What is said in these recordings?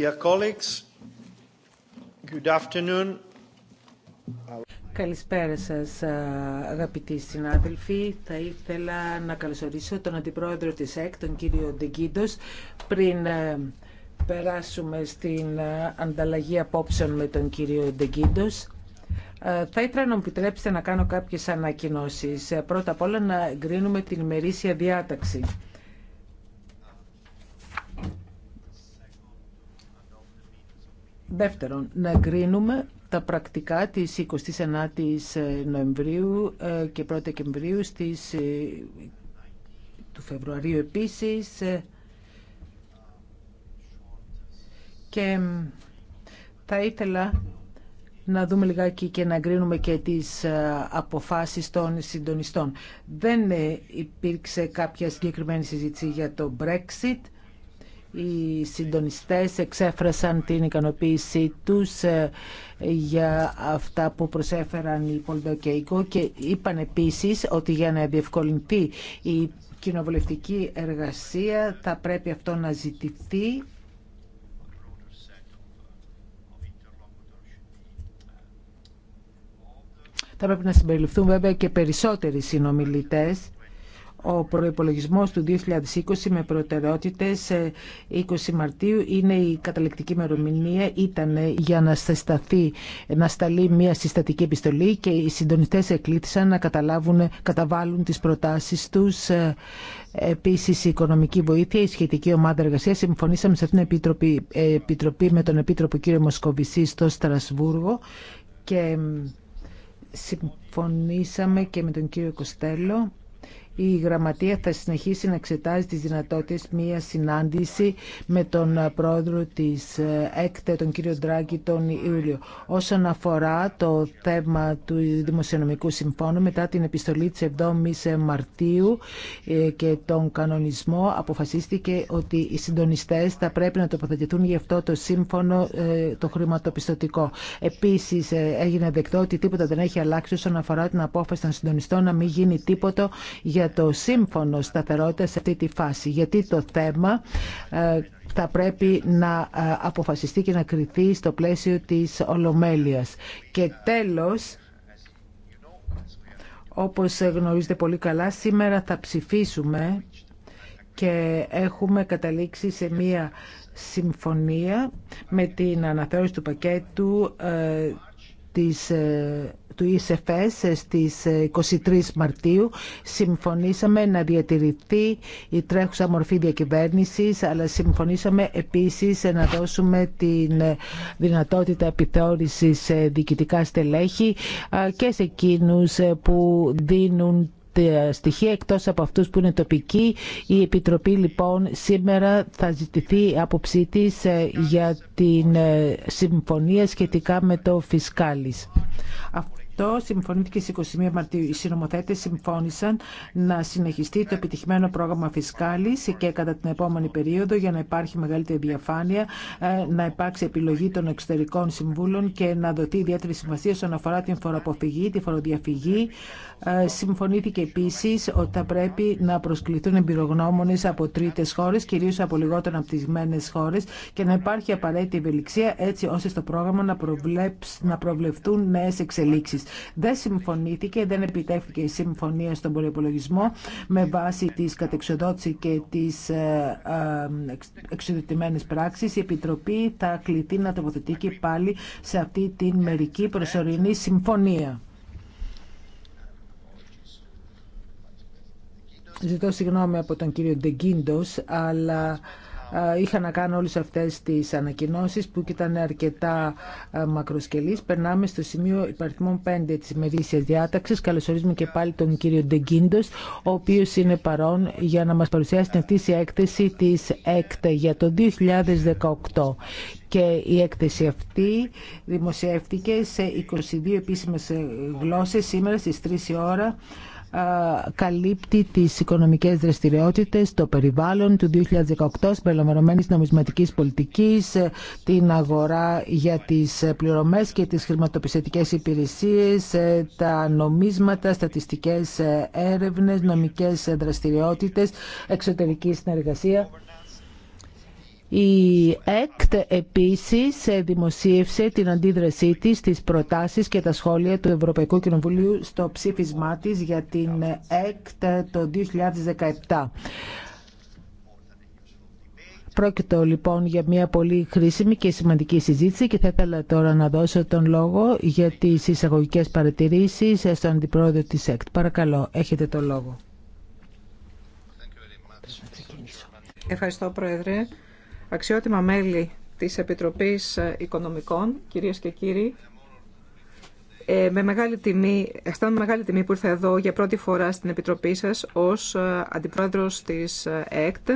Dear colleagues, good afternoon. Καλησπέρα σας αγαπητοί συνάδελφοι. Θα ήθελα να καλωσορίσω τον Αντιπρόεδρο της ΕΚ, τον κύριο Ντεγκίντος, πριν περάσουμε στην ανταλλαγή απόψεων με τον κύριο Ντεγκίντος. Θα ήθελα να μου επιτρέψετε να κάνω κάποιες ανακοινώσεις. Πρώτα απ' όλα να εγκρίνουμε την ημερήσια διάταξη. Δεύτερον, να εγκρίνουμε τα πρακτικά της 29ης Νοεμβρίου ε, και 1 Δεκεμβρίου στις, ε, του Φεβρουαρίου επίσης ε, και θα ήθελα να δούμε λιγάκι και να εγκρίνουμε και τις αποφάσεις των συντονιστών. Δεν υπήρξε κάποια συγκεκριμένη συζήτηση για το Brexit οι συντονιστές εξέφρασαν την ικανοποίησή τους ε, για αυτά που προσέφεραν οι Πολδοκέικο και είπαν επίσης ότι για να διευκολυνθεί η κοινοβουλευτική εργασία θα πρέπει αυτό να ζητηθεί Θα πρέπει να συμπεριληφθούν βέβαια και περισσότεροι συνομιλητές ο προϋπολογισμός του 2020 με προτεραιότητες 20 ε, Μαρτίου είναι η καταληκτική μερομηνία. ήταν ε, για να, σταθεί, να σταλεί μια συστατική επιστολή και οι συντονιστές εκλήθησαν να καταλάβουν, ε, καταβάλουν τις προτάσεις τους Επίσης η οικονομική βοήθεια, η σχετική ομάδα εργασία. Συμφωνήσαμε σε αυτήν την επιτροπή, επιτροπή με τον Επίτροπο κύριο Μοσκοβισή στο Στρασβούργο και συμφωνήσαμε και με τον κύριο Κοστέλο η Γραμματεία θα συνεχίσει να εξετάζει τις δυνατότητες μία συνάντηση με τον πρόεδρο της ε, ΕΚΤΕ, τον κύριο Ντράγκη, τον Ιούλιο. Όσον αφορά το θέμα του Δημοσιονομικού Συμφώνου, μετά την επιστολή της 7ης Μαρτίου ε, και τον κανονισμό, αποφασίστηκε ότι οι συντονιστές θα πρέπει να τοποθετηθούν γι' αυτό το σύμφωνο ε, το χρηματοπιστωτικό. Επίσης, έγινε δεκτό ότι τίποτα δεν έχει αλλάξει όσον αφορά την απόφαση των συντονιστών να μην γίνει τίποτα για το σύμφωνο σταθερότητα σε αυτή τη φάση. Γιατί το θέμα ε, θα πρέπει να ε, αποφασιστεί και να κριθεί στο πλαίσιο της Ολομέλειας. Και τέλος, όπως γνωρίζετε πολύ καλά, σήμερα θα ψηφίσουμε και έχουμε καταλήξει σε μία συμφωνία με την αναθεώρηση του πακέτου ε, της του ΙΣΕΦΕΣ στις 23 ε, Μαρτίου συμφωνήσαμε να διατηρηθεί η τρέχουσα μορφή διακυβέρνησης αλλά συμφωνήσαμε επίσης να δώσουμε την ε, δυνατότητα επιθεώρησης ε, διοικητικά στελέχη και σε εκείνους που δίνουν στοιχεία εκτός από αυτούς που είναι τοπικοί. Η Επιτροπή λοιπόν σήμερα θα ζητηθεί άποψή τη για την συμφωνία σχετικά με το Φισκάλις αυτό συμφωνήθηκε στις 21 Μαρτίου. Οι συνομοθέτες συμφώνησαν να συνεχιστεί το επιτυχημένο πρόγραμμα φυσκάλης και κατά την επόμενη περίοδο για να υπάρχει μεγαλύτερη διαφάνεια, ε, να υπάρξει επιλογή των εξωτερικών συμβούλων και να δοθεί ιδιαίτερη σημασία όσον αφορά την φοροαποφυγή, τη φοροδιαφυγή, ε, συμφωνήθηκε επίση ότι θα πρέπει να προσκληθούν εμπειρογνώμονε από τρίτε χώρε, κυρίω από λιγότερο αναπτυγμένε χώρε, και να υπάρχει απαραίτητη ευελιξία έτσι ώστε στο πρόγραμμα να, να προβλεφθούν νέες εξελίξεις. Δεν συμφωνήθηκε, δεν επιτεύχθηκε η συμφωνία στον προπολογισμό με βάση τη κατεξοδότηση και τι ε, ε, εξοδοτημένε πράξει. Η Επιτροπή θα κληθεί να τοποθετεί και πάλι σε αυτή την μερική προσωρινή συμφωνία. Ζητώ συγγνώμη από τον κύριο Ντεγκίντος, αλλά είχα να κάνω όλες αυτές τις ανακοινώσεις που ήταν αρκετά μακροσκελής. Περνάμε στο σημείο υπαριθμών 5 της μερίσιας διάταξης. Καλωσορίζουμε και πάλι τον κύριο Ντεγκίντος, ο οποίος είναι παρόν για να μας παρουσιάσει την η έκθεση της ΕΚΤΕ για το 2018. Και η έκθεση αυτή δημοσιεύτηκε σε 22 επίσημες ε, γλώσσες σήμερα στις 3 η ώρα καλύπτει τις οικονομικές δραστηριότητες, το περιβάλλον του 2018 συμπεριλαμβανομένης νομισματικής πολιτικής, ε, την αγορά για τις ε, πληρωμές και τις χρηματοπιστωτικές υπηρεσίες, ε, τα νομίσματα, στατιστικές έρευνες, νομικές δραστηριότητες, εξωτερική συνεργασία. Η ΕΚΤ επίσης δημοσίευσε την αντίδρασή της στις προτάσεις και τα σχόλια του Ευρωπαϊκού Κοινοβουλίου στο ψήφισμά της για την ΕΚΤ το 2017. Πρόκειται λοιπόν για μια πολύ χρήσιμη και σημαντική συζήτηση και θα ήθελα τώρα να δώσω τον λόγο για τις εισαγωγικέ παρατηρήσεις στον Αντιπρόεδρο της ΕΚΤ. Παρακαλώ, έχετε τον λόγο. Ευχαριστώ Πρόεδρε αξιότιμα μέλη της Επιτροπής Οικονομικών, κυρίες και κύριοι, ε, με μεγάλη τιμή, αισθάνομαι μεγάλη τιμή που ήρθα εδώ για πρώτη φορά στην Επιτροπή σας ως ε, Αντιπρόεδρος της ε, ΕΚΤ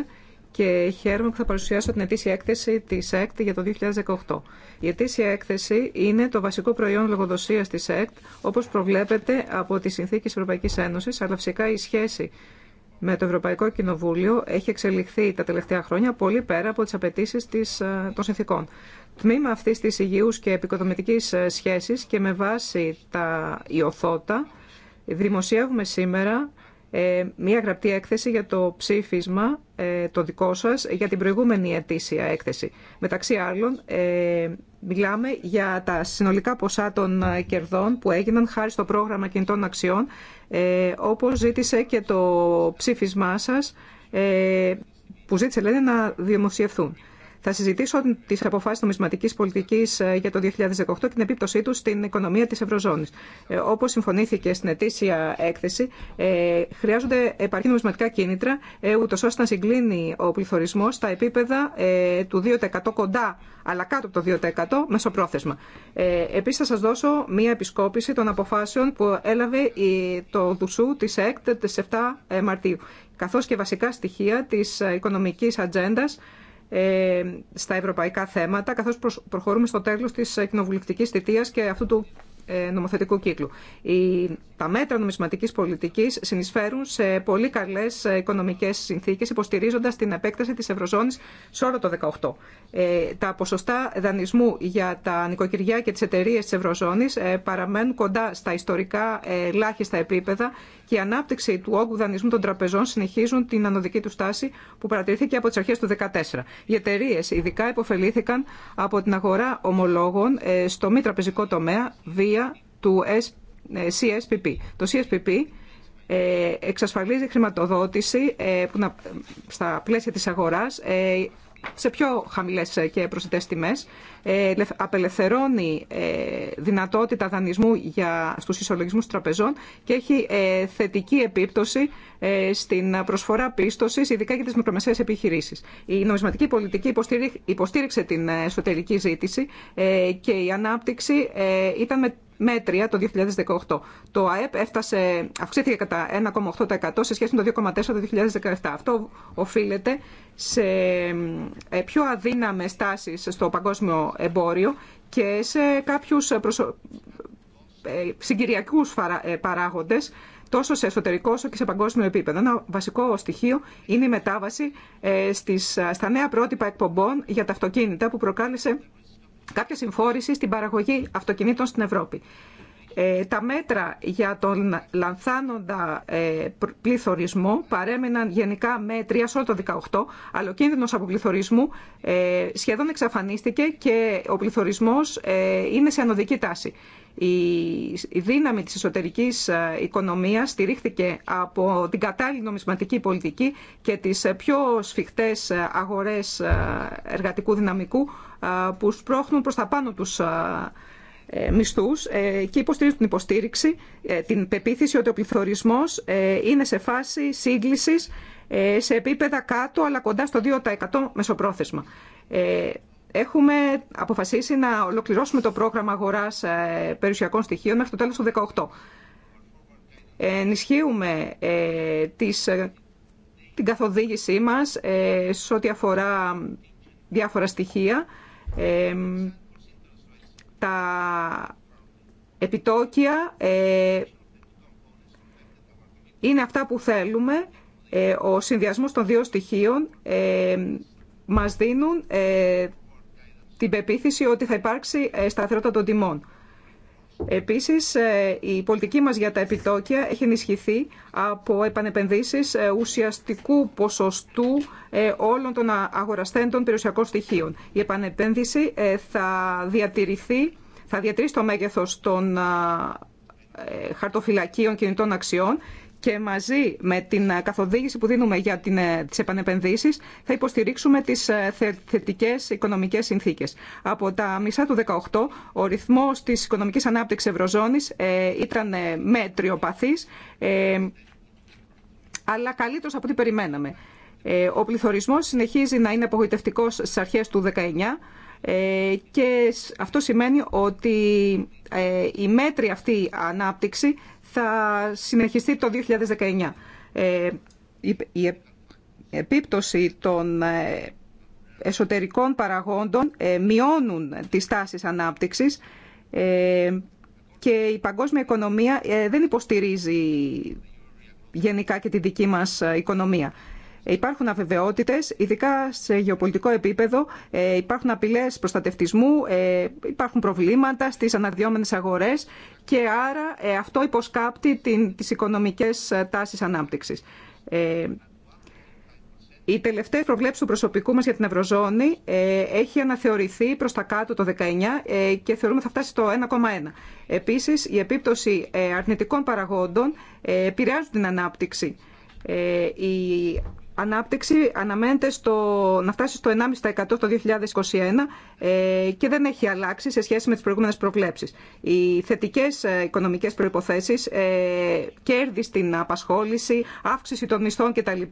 και χαίρομαι που θα παρουσιάσω την ετήσια έκθεση της ΕΚΤ για το 2018. Η ετήσια έκθεση είναι το βασικό προϊόν λογοδοσίας της ΕΚΤ, όπως προβλέπεται από τις συνθήκες Ευρωπαϊκής Ένωσης, αλλά φυσικά η σχέση με το Ευρωπαϊκό Κοινοβούλιο έχει εξελιχθεί τα τελευταία χρόνια πολύ πέρα από τις απαιτήσει ε, των συνθήκων. Τμήμα αυτής της υγιούς και επικοδομητικής ε, σχέσης και με βάση τα ιωθώτα δημοσιεύουμε σήμερα ε, μία γραπτή έκθεση για το ψήφισμα ε, το δικό σας για την προηγούμενη ετήσια έκθεση. Μεταξύ άλλων, ε, μιλάμε για τα συνολικά ποσά των κερδών που έγιναν χάρη στο πρόγραμμα κινητών αξιών, όπως ζήτησε και το ψήφισμά σας, που ζήτησε, λένε, να δημοσιευθούν. Θα συζητήσω τι αποφάσει νομισματική πολιτική ε, για το 2018 και την επίπτωσή του στην οικονομία τη Ευρωζώνη. Ε, Όπω συμφωνήθηκε στην ετήσια έκθεση, ε, χρειάζονται επαρκή νομισματικά κίνητρα, ούτω ώστε να συγκλίνει ο πληθωρισμό στα επίπεδα του 2% κοντά, αλλά κάτω από το 2% μεσοπρόθεσμα. Επίση, θα σα δώσω μία επισκόπηση των αποφάσεων που έλαβε το Δουσού τη ΕΚΤ τη 7 Μαρτίου καθώ και βασικά στοιχεία τη οικονομική ατζέντα ε, στα ευρωπαϊκά θέματα, καθώς προχωρούμε στο τέλος της ε, κοινοβουλευτικής θητείας και αυτού του ε, νομοθετικού κύκλου. Η, τα μέτρα νομισματική πολιτική συνεισφέρουν σε πολύ καλέ ε, οικονομικέ συνθήκε, υποστηρίζοντα την επέκταση τη ευρωζώνη σε όλο το 18. Ε, τα ποσοστά δανεισμού για τα νοικοκυριά και τι εταιρείε τη Ευρωζώνης ε, παραμένουν κοντά στα ιστορικά ελάχιστα επίπεδα και η ανάπτυξη του όγκου δανεισμού των τραπεζών συνεχίζουν την ανωδική του στάση που παρατηρήθηκε από τι αρχέ του 2014. Οι εταιρείε ειδικά υποφελήθηκαν από την αγορά ομολόγων ε, στο μη τραπεζικό τομέα, του ε, CSPP. Το CSPP ε, εξασφαλίζει χρηματοδότηση ε, που στα πλαίσια της αγοράς σε πιο χαμηλές ε, και προσιτές Ε, απελευθερώνει ε, δυνατότητα δανεισμού για, στους ισολογισμούς τραπεζών και έχει ε, θετική επίπτωση στην προσφορά πίστοσης, ειδικά για τις μικρομεσαίες επιχειρήσεις. Η νομισματική πολιτική υποστήριξε την εσωτερική ζήτηση και η ανάπτυξη ήταν με μέτρια το 2018. Το ΑΕΠ έφτασε, αυξήθηκε κατά 1,8% σε σχέση με το 2,4% το 2017. Αυτό οφείλεται σε ε, πιο αδύναμες τάσεις στο παγκόσμιο εμπόριο και σε κάποιους προσω... Ε, συγκυριακούς ε, παράγοντες τόσο σε εσωτερικό όσο και σε παγκόσμιο επίπεδο. Ένα βασικό στοιχείο είναι η μετάβαση στις, στα νέα πρότυπα εκπομπών για τα αυτοκίνητα που προκάλεσε κάποια συμφόρηση στην παραγωγή αυτοκινήτων στην Ευρώπη. Ε, τα μέτρα για τον λανθάνοντα ε, πληθωρισμό παρέμειναν γενικά με σε όλο το 18, αλλά ο κίνδυνο από πληθωρισμού ε, σχεδόν εξαφανίστηκε και ο πληθωρισμός είναι σε ανωδική τάση. Η δύναμη της εσωτερικής οικονομίας στηρίχθηκε από την κατάλληλη νομισματική πολιτική και τις πιο σφιχτές αγορές εργατικού δυναμικού που σπρώχνουν προς τα πάνω τους ε, μισθούς ε, και υποστηρίζουν την υποστήριξη, ε, την πεποίθηση ότι ο πληθωρισμό είναι σε φάση σύγκληση σε επίπεδα κάτω αλλά κοντά στο 2% μεσοπρόθεσμα. Έχουμε αποφασίσει να ολοκληρώσουμε το πρόγραμμα αγορά περιουσιακών στοιχείων μέχρι το τέλος του 2018. Ενισχύουμε την καθοδήγησή μας σε ό,τι αφορά διάφορα στοιχεία τα επιτόκια ε, είναι αυτά που θέλουμε. Ε, ο συνδυασμός των δύο στοιχείων ε, μας δίνουν την πεποίθηση ότι θα υπάρξει σταθερότητα των τιμών. Επίσης, ε, η πολιτική μας για τα επιτόκια έχει ενισχυθεί από επανεπενδύσεις ε, ουσιαστικού ποσοστού ε, όλων των αγοραστέντων περιουσιακών στοιχείων. Η επανεπένδυση θα διατηρηθεί, θα διατηρήσει το μέγεθος των χαρτοφυλακίων κινητών αξιών και μαζί με την ε, καθοδήγηση που δίνουμε για την, ε, τις επανεπενδύσεις θα υποστηρίξουμε τις ε, θετικές οικονομικές συνθήκες. Από τα μισά του 2018 ο ρυθμός της οικονομικής ανάπτυξης Ευρωζώνης ήταν μέτριο παθής, αλλά καλύτερος από ό,τι περιμέναμε. Ο πληθωρισμός συνεχίζει να είναι απογοητευτικός στις αρχές του 2019 και αυτό σημαίνει ότι η μέτρη αυτή ανάπτυξη θα συνεχιστεί το 2019. Ε, η επίπτωση των ε, εσωτερικών παραγόντων ε, μειώνουν τις τάσεις ανάπτυξης και η παγκόσμια οικονομία δεν υποστηρίζει γενικά και τη δική μας οικονομία. Υπάρχουν αβεβαιότητες, ειδικά σε γεωπολιτικό επίπεδο, ε, υπάρχουν απειλές προστατευτισμού, ε, υπάρχουν προβλήματα στις αναδυόμενες αγορές και άρα ε, αυτό υποσκάπτει τις οικονομικές τάσεις ανάπτυξης. Η τελευταία προβλέψη του προσωπικού μας για την Ευρωζώνη έχει αναθεωρηθεί προς τα κάτω το 19 και θεωρούμε θα φτάσει στο 1,1. Επίσης, η επίπτωση αρνητικών παραγόντων επηρεάζει την ανάπτυξη. Η ανάπτυξη αναμένεται στο, να φτάσει στο 1,5% το 2021 ε, και δεν έχει αλλάξει σε σχέση με τις προηγούμενες προβλέψεις. Οι θετικές ε, οικονομικές προϋποθέσεις, ε, κέρδη στην απασχόληση, αύξηση των μισθών κτλ.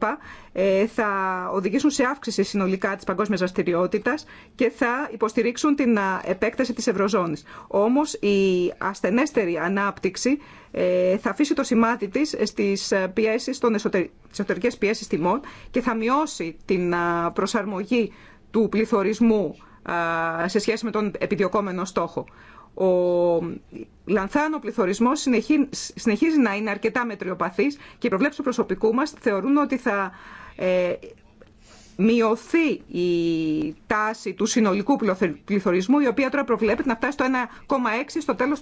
Ε, θα οδηγήσουν σε αύξηση συνολικά της παγκόσμιας δραστηριότητα και θα υποστηρίξουν την ε, επέκταση της Ευρωζώνης. Όμως η ασθενέστερη ανάπτυξη ε, θα αφήσει το σημάδι τη στι ε, πιέσει των εσωτερικές πιέσεις τιμών και θα μειώσει την ε, προσαρμογή του πληθωρισμού σε σχέση με τον επιδιωκόμενο στόχο. Ο λανθάνο πληθωρισμός συνεχίζει να είναι αρκετά μετριοπαθής και οι προβλέψεις του προσωπικού μας θεωρούν ότι θα μειωθεί η τάση του συνολικού πληθωρισμού, η οποία τώρα προβλέπεται να φτάσει στο 1,6 στο τέλος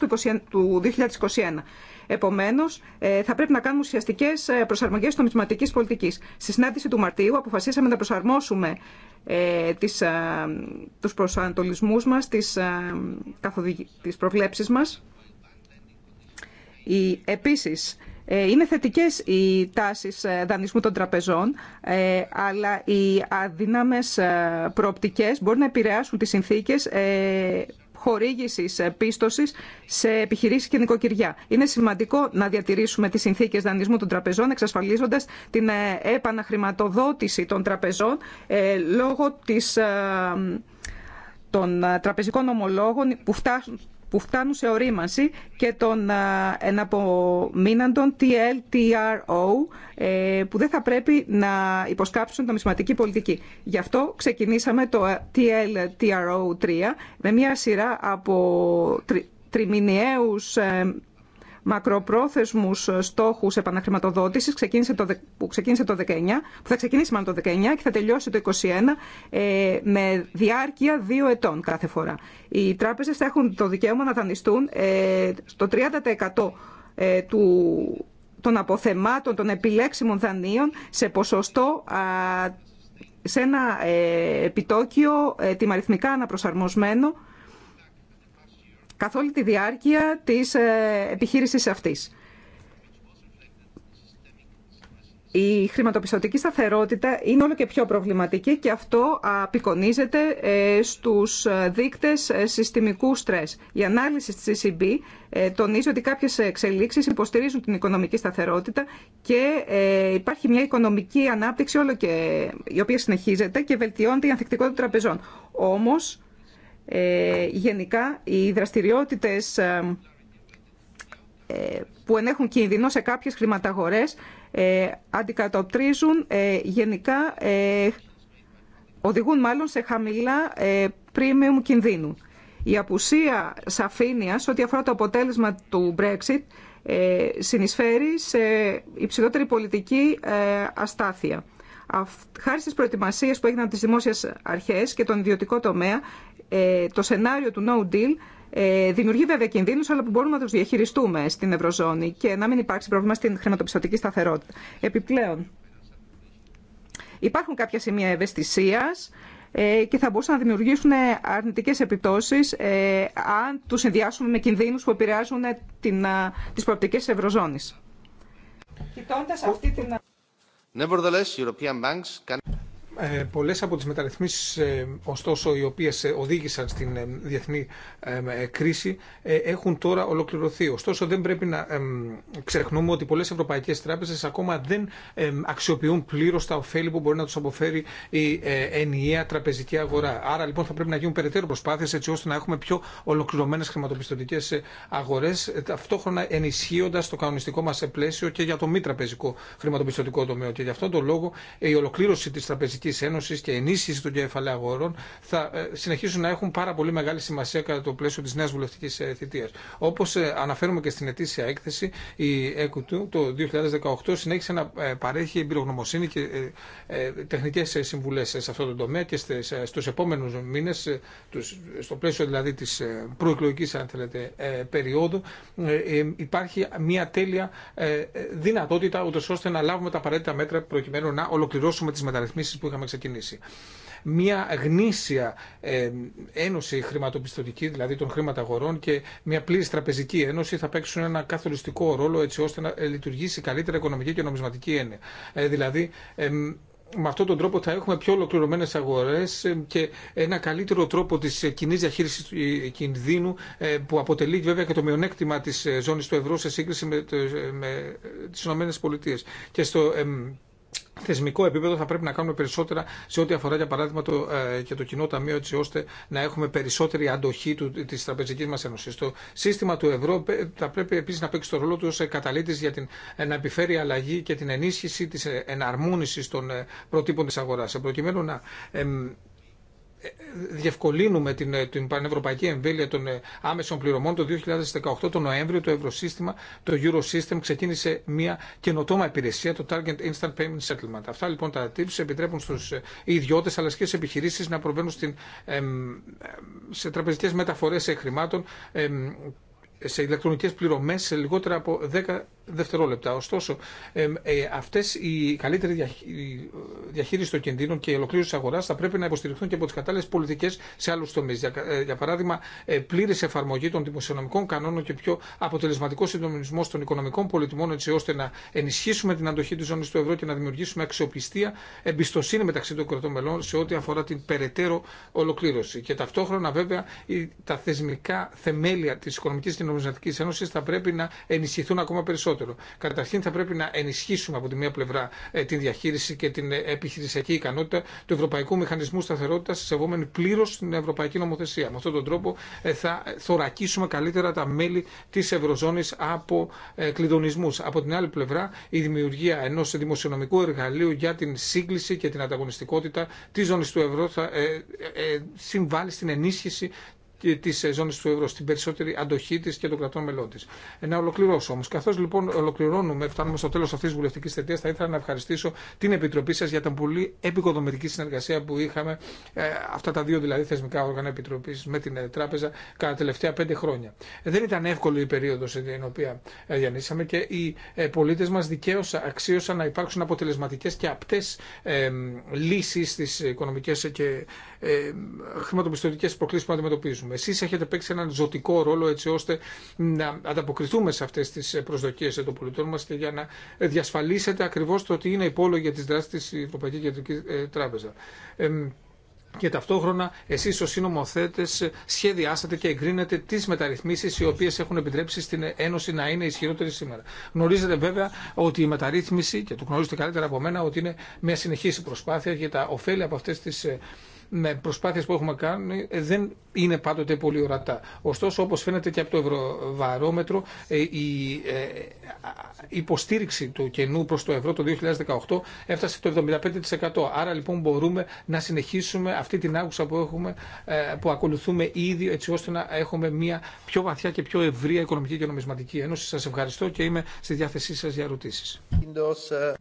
του 2021. Επομένως, ε, θα πρέπει να κάνουμε ουσιαστικέ ε, προσαρμογές στο μισματικής πολιτικής. Στη συνάντηση του Μαρτίου αποφασίσαμε να προσαρμόσουμε ε, τις, ε, τους προσανατολισμούς μας, τις, τις προβλέψεις μας. Η, επίσης, ε, είναι θετικές οι τάσεις ε, δανεισμού των τραπεζών, ε, αλλά οι αδύναμες προοπτικές μπορεί να επηρεάσουν τις συνθήκες χορήγηση πίστοση σε επιχειρήσει και νοικοκυριά. Είναι σημαντικό να διατηρήσουμε τι συνθήκε δανεισμού των τραπεζών, εξασφαλίζοντα την επαναχρηματοδότηση των τραπεζών λόγω της, των τραπεζικών ομολόγων που φτάσουν που φτάνουν σε ορίμανση και των εναπομείναντων TLTRO ε, που δεν θα πρέπει να υποσκάψουν μισματική πολιτική. Γι' αυτό ξεκινήσαμε το TLTRO 3 με μια σειρά από τριμηνιαίους ε, μακροπρόθεσμους στόχους επαναχρηματοδότησης ξεκίνησε το, που, ξεκίνησε το 19, που θα ξεκινήσει μάλλον το 19 και θα τελειώσει το 21 ε, με διάρκεια δύο ετών κάθε φορά. Οι τράπεζες θα έχουν το δικαίωμα να δανειστούν ε, στο 30% ε, του των αποθεμάτων των επιλέξιμων δανείων σε ποσοστό α, σε ένα επιτόκιο τιμαριθμικά αναπροσαρμοσμένο καθ' όλη τη διάρκεια της ε, επιχείρησης αυτής. Η χρηματοπιστωτική σταθερότητα είναι όλο και πιο προβληματική και αυτό απεικονίζεται ε, στους δείκτες ε, συστημικού στρες. Η ανάλυση της ECB τονίζει ότι κάποιες εξελίξεις υποστηρίζουν την οικονομική σταθερότητα και υπάρχει μια οικονομική ανάπτυξη όλο και η οποία συνεχίζεται και βελτιώνεται η ανθεκτικότητα των τραπεζών. Όμως, ε, γενικά οι δραστηριότητες ε, ε, που ενέχουν κίνδυνο σε κάποιες χρηματαγορές αντικατοπτρίζουν γενικά, οδηγούν μάλλον σε χαμηλά premium κινδύνου. Η απουσία σαφήνειας ό,τι αφορά το αποτέλεσμα του Brexit συνεισφέρει σε υψηλότερη πολιτική αστάθεια. Χάρη στις προετοιμασίες που έγιναν από τις δημόσιες αρχές και τον ιδιωτικό τομέα, ε, το σενάριο του no deal ε, δημιουργεί βέβαια κινδύνου, αλλά που μπορούμε να του διαχειριστούμε στην Ευρωζώνη και να μην υπάρξει πρόβλημα στην χρηματοπιστωτική σταθερότητα. Επιπλέον, υπάρχουν κάποια σημεία ευαισθησία ε, και θα μπορούσαν να δημιουργήσουν αρνητικέ επιπτώσει αν του συνδυάσουμε με κινδύνου που επηρεάζουν τι προοπτικέ τη Ευρωζώνη. αυτή την. Nevertheless, European banks can... Ε, πολλές από τις μεταρρυθμίσεις ε, ωστόσο οι οποίες ε, οδήγησαν στην διεθνή κρίση έχουν τώρα ολοκληρωθεί. Ωστόσο δεν πρέπει να ξεχνούμε ότι πολλές ευρωπαϊκές τράπεζες ακόμα δεν αξιοποιούν πλήρως τα ωφέλη που μπορεί να τους αποφέρει η ενιαία τραπεζική αγορά. Άρα λοιπόν θα πρέπει να γίνουν περαιτέρω προσπάθειες έτσι ώστε να έχουμε πιο ολοκληρωμένες χρηματοπιστωτικές αγορές ταυτόχρονα ενισχύοντας το κανονιστικό μας πλαίσιο και για το μη τραπεζικό χρηματοπιστωτικό τομέα. Και γι' αυτόν τον λόγο η ολοκλήρωση της τραπεζικής Ευρωπαϊκή Ένωση και ενίσχυση των κεφαλαίων αγορών θα ε, συνεχίσουν να έχουν πάρα πολύ μεγάλη σημασία κατά το πλαίσιο τη νέα βουλευτική ε, θητεία. Όπω ε, αναφέρουμε και στην ετήσια έκθεση, η ΕΚΟΤΟΥ το 2018 συνέχισε να παρέχει εμπειρογνωμοσύνη και τεχνικέ συμβουλέ σε αυτό το τομέα και στου επόμενου μήνε, στο πλαίσιο δηλαδή τη προεκλογική αν περίοδου, υπάρχει μια τέλεια δυνατότητα ούτω ώστε να λάβουμε τα απαραίτητα μέτρα προκειμένου να ολοκληρώσουμε τι μεταρρυθμίσει που ξεκινήσει. Μια γνήσια ε, ένωση χρηματοπιστωτική, δηλαδή των αγορών και μια πλήρη τραπεζική ένωση θα παίξουν ένα καθοριστικό ρόλο έτσι ώστε να ε, λειτουργήσει καλύτερα οικονομική και νομισματική έννοια. Ε, δηλαδή, με αυτόν τον τρόπο θα έχουμε πιο ολοκληρωμένε αγορέ ε, και ένα καλύτερο τρόπο τη κοινή διαχείριση κινδύνου που αποτελεί βέβαια και το μειονέκτημα τη ζώνη του ευρώ σε σύγκριση με τι ΗΠΑ. Και στο θεσμικό επίπεδο θα πρέπει να κάνουμε περισσότερα σε ό,τι αφορά για παράδειγμα το, ε, και το κοινό ταμείο έτσι ώστε να έχουμε περισσότερη αντοχή του, της τραπεζικής μας ένωσης. Το σύστημα του ευρώ θα πρέπει επίσης να παίξει το ρόλο του ως καταλήτης για την, ε, να επιφέρει αλλαγή και την ενίσχυση της ε, εναρμόνισης των προτύπων της αγοράς. Προκειμένου να διευκολύνουμε την, ε, την πανευρωπαϊκή εμβέλεια των ε, άμεσων πληρωμών το 2018 το Νοέμβριο το Ευρωσύστημα, το Eurosystem ξεκίνησε μια καινοτόμα υπηρεσία το Target Instant Payment Settlement. Αυτά λοιπόν τα tips επιτρέπουν στους ε, ιδιώτες αλλά και σε επιχειρήσεις να προβαίνουν στην, σε τραπεζικές μεταφορές χρημάτων σε ηλεκτρονικές πληρωμές σε λιγότερα από 10 δευτερόλεπτα. Ωστόσο, ε, ε, αυτέ οι καλύτερη διαχείριση των κινδύνων και η ολοκλήρωση τη αγορά θα πρέπει να υποστηριχθούν και από τι κατάλληλε πολιτικέ σε άλλου τομεί. Ε, για, παράδειγμα, ε, πλήρη εφαρμογή των δημοσιονομικών κανόνων και πιο αποτελεσματικό συντονισμό των οικονομικών πολιτιμών, έτσι ώστε να ενισχύσουμε την αντοχή τη ζώνη του ευρώ και να δημιουργήσουμε αξιοπιστία, εμπιστοσύνη μεταξύ των κρατών μελών σε ό,τι αφορά την περαιτέρω ολοκλήρωση. Και ταυτόχρονα, βέβαια, τα θεσμικά θεμέλια τη Οικονομική και Ένωση θα πρέπει να ενισχυθούν ακόμα περισσότερο. Καταρχήν θα πρέπει να ενισχύσουμε από τη μία πλευρά ε, την διαχείριση και την ε, επιχειρησιακή ικανότητα του Ευρωπαϊκού Μηχανισμού Σταθερότητα, σεβόμενη πλήρω την Ευρωπαϊκή Νομοθεσία. Με αυτόν τον τρόπο ε, θα θωρακίσουμε καλύτερα τα μέλη τη Ευρωζώνη από κλειδονισμού. Από την άλλη πλευρά, η δημιουργία ενό δημοσιονομικού εργαλείου για την σύγκληση και την ανταγωνιστικότητα τη ζώνη του ευρώ θα συμβάλλει στην ενίσχυση τη ζώνη του ευρώ, στην περισσότερη αντοχή τη και των κρατών μελών τη. Ε, να ολοκληρώσω όμω. Καθώ λοιπόν ολοκληρώνουμε, φτάνουμε στο τέλο αυτή τη βουλευτική θετία, θα ήθελα να ευχαριστήσω την Επιτροπή σα για την πολύ επικοδομητική συνεργασία που είχαμε, ε, αυτά τα δύο δηλαδή θεσμικά όργανα Επιτροπή με την ε, Τράπεζα, κατά τα τελευταία πέντε χρόνια. Δεν ήταν εύκολη η περίοδο στην οποία διανύσαμε και οι πολίτε μα δικαίω αξίωσαν να υπάρξουν αποτελεσματικέ και απτέ λύσει στι οικονομικέ και χρηματοπιστωτικέ προκλήσει που αντιμετωπίζουμε. Εσεί Εσείς έχετε παίξει έναν ζωτικό ρόλο έτσι ώστε να ανταποκριθούμε σε αυτέ τι προσδοκίε των πολιτών μα και για να διασφαλίσετε ακριβώ το ότι είναι υπόλογο για τι δράσει τη Ευρωπαϊκή Κεντρική ε, Τράπεζα και ταυτόχρονα εσεί ω συνομοθέτε ε, σχεδιάσατε και εγκρίνετε τι μεταρρυθμίσει οι οποίε έχουν επιτρέψει στην Ένωση να είναι ισχυρότερη σήμερα. Γνωρίζετε βέβαια ότι η μεταρρύθμιση, και το γνωρίζετε καλύτερα από μένα, ότι είναι μια συνεχή προσπάθεια για τα ωφέλη από αυτέ τι ε, με προσπάθειε που έχουμε κάνει ε, δεν είναι πάντοτε πολύ ορατά. Ωστόσο, όπω φαίνεται και από το Ευρωβαρόμετρο, ε, η ε, υποστήριξη του κενού προ το ευρώ το 2018 έφτασε το 75%. Άρα λοιπόν μπορούμε να συνεχίσουμε αυτή την άγουσα που, έχουμε, που ακολουθούμε ήδη έτσι ώστε να έχουμε μια πιο βαθιά και πιο ευρία οικονομική και νομισματική ένωση. Σα ευχαριστώ και είμαι στη διάθεσή σα για ερωτήσει.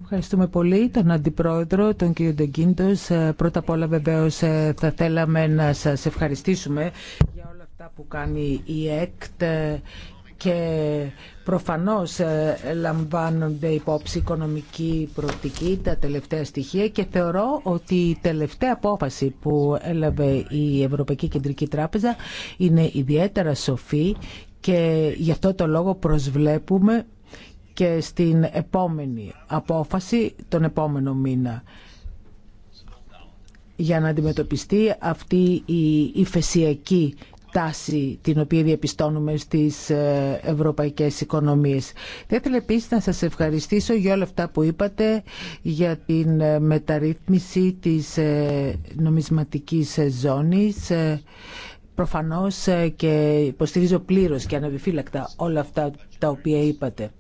Ευχαριστούμε πολύ τον Αντιπρόεδρο, τον κύριο Ντεγκίντο. Πρώτα απ' όλα βεβαίω θα θέλαμε να σας ευχαριστήσουμε για όλα αυτά που κάνει η ΕΚΤ και προφανώς ε, λαμβάνονται υπόψη οικονομική προοπτική τα τελευταία στοιχεία και θεωρώ ότι η τελευταία απόφαση που έλαβε η Ευρωπαϊκή Κεντρική Τράπεζα είναι ιδιαίτερα σοφή και γι' αυτό το λόγο προσβλέπουμε και στην επόμενη απόφαση τον επόμενο μήνα για να αντιμετωπιστεί αυτή η υφεσιακή τάση την οποία διαπιστώνουμε στις ε, ευρωπαϊκές οικονομίες. Θα ήθελα επίσης να σας ευχαριστήσω για όλα αυτά που είπατε για την ε, μεταρρύθμιση της ε, νομισματικής ζώνης. Προφανώς και υποστηρίζω πλήρως και αναβιφύλακτα όλα αυτά τα οποία είπατε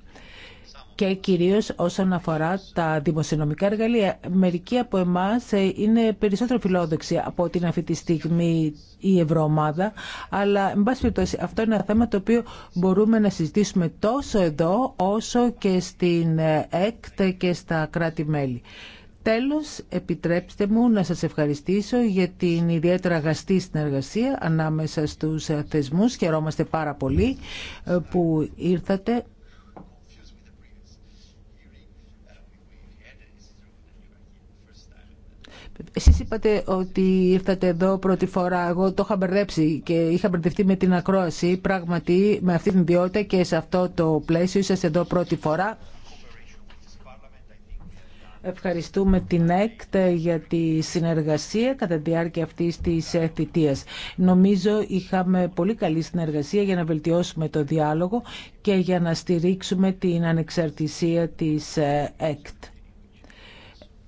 και κυρίως όσον αφορά τα δημοσιονομικά εργαλεία. Μερικοί από εμάς ε, είναι περισσότερο φιλόδοξοι από την είναι αυτή τη στιγμή η Ευρωομάδα, αλλά εν πάση περιπτώσει αυτό είναι ένα θέμα το οποίο μπορούμε να συζητήσουμε τόσο εδώ όσο και στην ε, ΕΚΤ και στα κράτη-μέλη. Τέλος, επιτρέψτε μου να σας ευχαριστήσω για την ιδιαίτερα αγαστή συνεργασία ανάμεσα στους ε, θεσμούς. Χαιρόμαστε πάρα πολύ που ήρθατε Εσείς είπατε ότι ήρθατε εδώ πρώτη φορά, εγώ το είχα μπερδέψει και είχα μπερδευτεί με την ακρόαση. Πράγματι, με αυτή την ιδιότητα και σε αυτό το πλαίσιο είσαστε εδώ πρώτη φορά. Ευχαριστούμε την ΕΚΤ για τη συνεργασία κατά τη διάρκεια αυτής της θητείας. Νομίζω είχαμε πολύ καλή συνεργασία για να βελτιώσουμε το διάλογο και για να στηρίξουμε την ανεξαρτησία της ΕΚΤ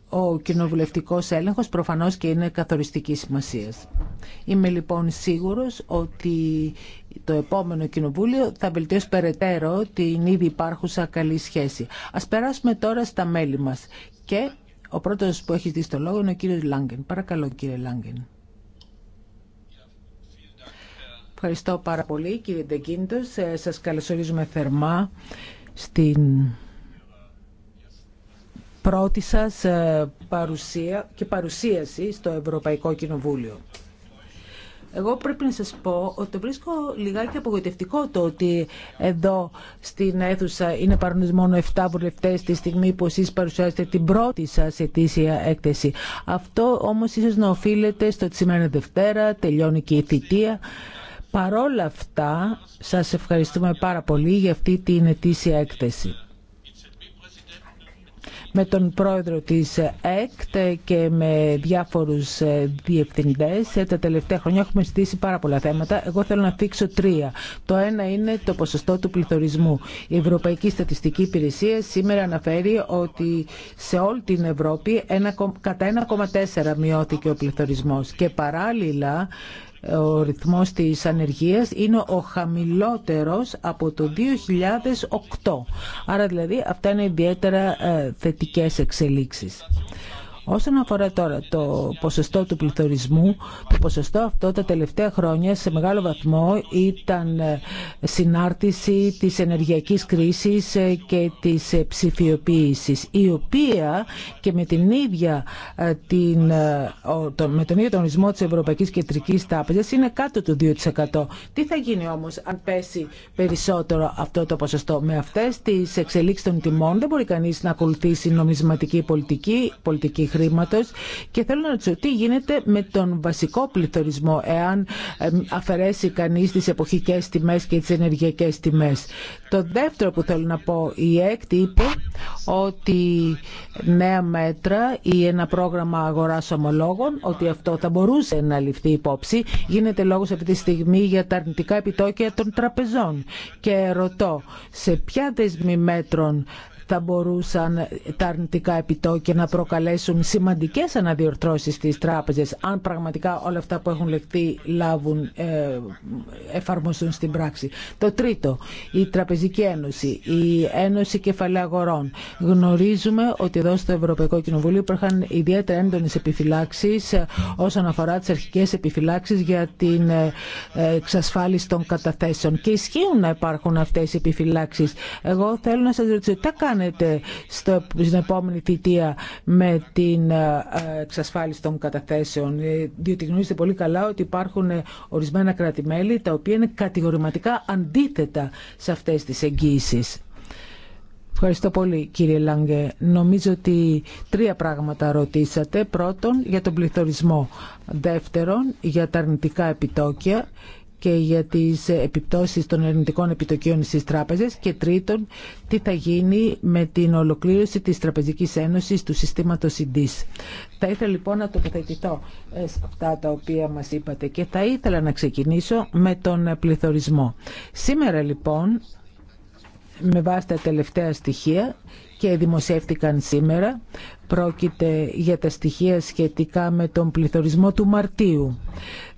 ο κοινοβουλευτικός έλεγχος προφανώς και είναι καθοριστική σημασία. Είμαι λοιπόν σίγουρος ότι το επόμενο κοινοβούλιο θα βελτιώσει περαιτέρω την ήδη υπάρχουσα καλή σχέση. Ας περάσουμε τώρα στα μέλη μας και ο πρώτος που έχει δει το λόγο είναι ο κύριος Λάγκεν. Παρακαλώ κύριε Λάγκεν. Ευχαριστώ πάρα πολύ κύριε Ντεγκίντος. Ε, σας καλωσορίζουμε θερμά στην πρώτη σας ε, παρουσία και παρουσίαση στο Ευρωπαϊκό Κοινοβούλιο. Εγώ πρέπει να σας πω ότι το βρίσκω λιγάκι απογοητευτικό το ότι εδώ στην αίθουσα είναι παρόνες μόνο 7 βουλευτές τη στιγμή που εσείς παρουσιάζετε την πρώτη σας ετήσια έκθεση. Αυτό όμως ίσως να οφείλεται στο ότι σήμερα είναι Δευτέρα, τελειώνει και η θητεία. Παρόλα αυτά, σας ευχαριστούμε πάρα πολύ για αυτή την ετήσια έκθεση με τον πρόεδρο της ΕΚΤ και με διάφορους ε, διευθυντές. Ε, τα τελευταία χρόνια έχουμε συζητήσει πάρα πολλά θέματα. Εγώ θέλω να θίξω τρία. Το ένα είναι το ποσοστό του πληθωρισμού. Η Ευρωπαϊκή Στατιστική Υπηρεσία σήμερα αναφέρει ότι σε όλη την Ευρώπη κατά 1,4 μειώθηκε ο πληθωρισμός και παράλληλα ο ρυθμός της ανεργίας είναι ο χαμηλότερος από το 2008. Άρα δηλαδή αυτά είναι ιδιαίτερα ε, θετικές εξελίξεις. Όσον αφορά τώρα το ποσοστό του πληθωρισμού, το ποσοστό αυτό τα τελευταία χρόνια σε μεγάλο βαθμό ήταν ε, συνάρτηση της ενεργειακής κρίσης ε, και της ε, ψηφιοποίησης, η οποία και με, την ίδια, την, με τον ίδιο τον ορισμό της Ευρωπαϊκής Κεντρικής Τάπεζας είναι κάτω του 2%. Τι θα γίνει όμως αν πέσει περισσότερο αυτό το ποσοστό. Με αυτές τις εξελίξεις των τιμών δεν μπορεί κανείς να ακολουθήσει νομισματική πολιτική, πολιτική και θέλω να ρωτήσω τι γίνεται με τον βασικό πληθωρισμό εάν αφαιρέσει κανείς τις εποχικές τιμέ και τις ενεργειακές τιμέ. Το δεύτερο που θέλω να πω, η ΕΚΤ είπε ότι νέα μέτρα ή ένα πρόγραμμα αγορά ομολόγων, ότι αυτό θα μπορούσε να ληφθεί υπόψη. Γίνεται λόγο αυτή τη στιγμή για τα αρνητικά επιτόκια των τραπεζών. Και ρωτώ, σε ποια δεσμή μέτρων θα μπορούσαν τα αρνητικά επιτόκια να προκαλέσουν σημαντικές αναδιορθώσεις στις τράπεζες αν πραγματικά όλα αυτά που έχουν λεχθεί λάβουν, ε, εφαρμοστούν στην πράξη. Το τρίτο, η Τραπεζική Ένωση, η Ένωση Κεφαλαίου Αγορών. Γνωρίζουμε ότι εδώ στο Ευρωπαϊκό Κοινοβούλιο υπήρχαν ιδιαίτερα έντονες επιφυλάξεις ε, όσον αφορά τις αρχικές επιφυλάξεις για την ε, ε, εξασφάλιση των καταθέσεων. Και ισχύουν να υπάρχουν αυτές οι επιφυλάξεις. Εγώ θέλω να σας ρωτήσω, τι κάνετε στο, στην επόμενη θητεία με την ε, εξασφάλιση των καταθέσεων. Ε, διότι γνωρίζετε πολύ καλά ότι υπάρχουν ε, ορισμένα τα οποία είναι κατηγορηματικά αντίθετα σε αυτές τις εγγύησεις. Ευχαριστώ πολύ κύριε Λάγκε. Νομίζω ότι τρία πράγματα ρωτήσατε. Πρώτον για τον πληθωρισμό. Δεύτερον για τα αρνητικά επιτόκια και για τις επιπτώσεις των ερνητικών επιτοκίων στις τράπεζες και τρίτον τι θα γίνει με την ολοκλήρωση της Τραπεζικής Ένωσης του συστήματος ΙΝΤΙΣ. Θα ήθελα λοιπόν να τοποθετηθώ ε, σε αυτά τα οποία μας είπατε και θα ήθελα να ξεκινήσω με τον πληθωρισμό. Σήμερα λοιπόν με βάση τα τελευταία στοιχεία και δημοσιεύτηκαν σήμερα πρόκειται για τα στοιχεία σχετικά με τον πληθωρισμό του Μαρτίου.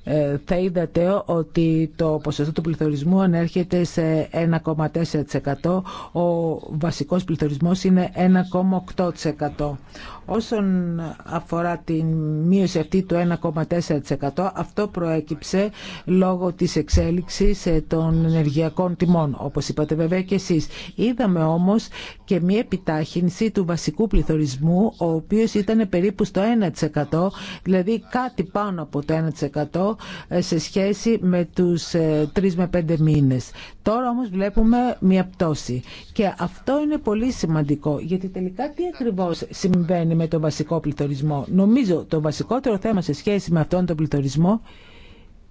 Ε, θα είδατε ότι το ποσοστό του πληθωρισμού ανέρχεται σε 1,4%. Ο βασικός πληθωρισμός είναι 1,8%. Όσον αφορά την μείωση αυτή του 1,4% αυτό προέκυψε λόγω της εξέλιξης ε, των ενεργειακών τιμών, όπως είπατε βέβαια και εσείς. Είδαμε όμως και μια επιτάχυνση του βασικού πληθωρισμού, ο οποίος ήταν περίπου στο 1%, δηλαδή κάτι πάνω από το 1% ε, σε σχέση με τους 3 ε, με 5 μήνες. Τώρα όμως βλέπουμε μια πτώση και αυτό είναι πολύ σημαντικό, γιατί τελικά τι ακριβώς συμβαίνει με τον βασικό πληθωρισμό. Νομίζω το βασικότερο θέμα σε σχέση με αυτόν τον πληθωρισμό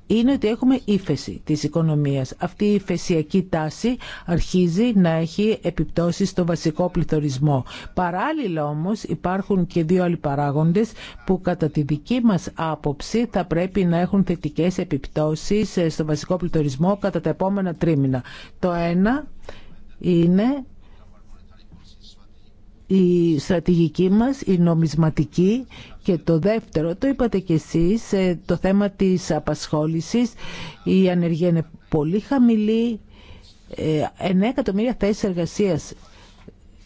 είναι ότι έχουμε ύφεση της οικονομίας. Αυτή η ύφεσιακή τάση αρχίζει να έχει επιπτώσεις στο βασικό πληθωρισμό. Παράλληλα όμως υπάρχουν και δύο άλλοι παράγοντες που κατά τη δική μας άποψη θα πρέπει να έχουν θετικές επιπτώσεις στο βασικό πληθωρισμό κατά τα επόμενα τρίμηνα. Το ένα είναι η στρατηγική μας, η νομισματική και το δεύτερο, το είπατε κι εσείς, ε, το θέμα της απασχόλησης. Η ανεργία είναι πολύ χαμηλή, 9 ε, εκατομμύρια θέσεις εργασίας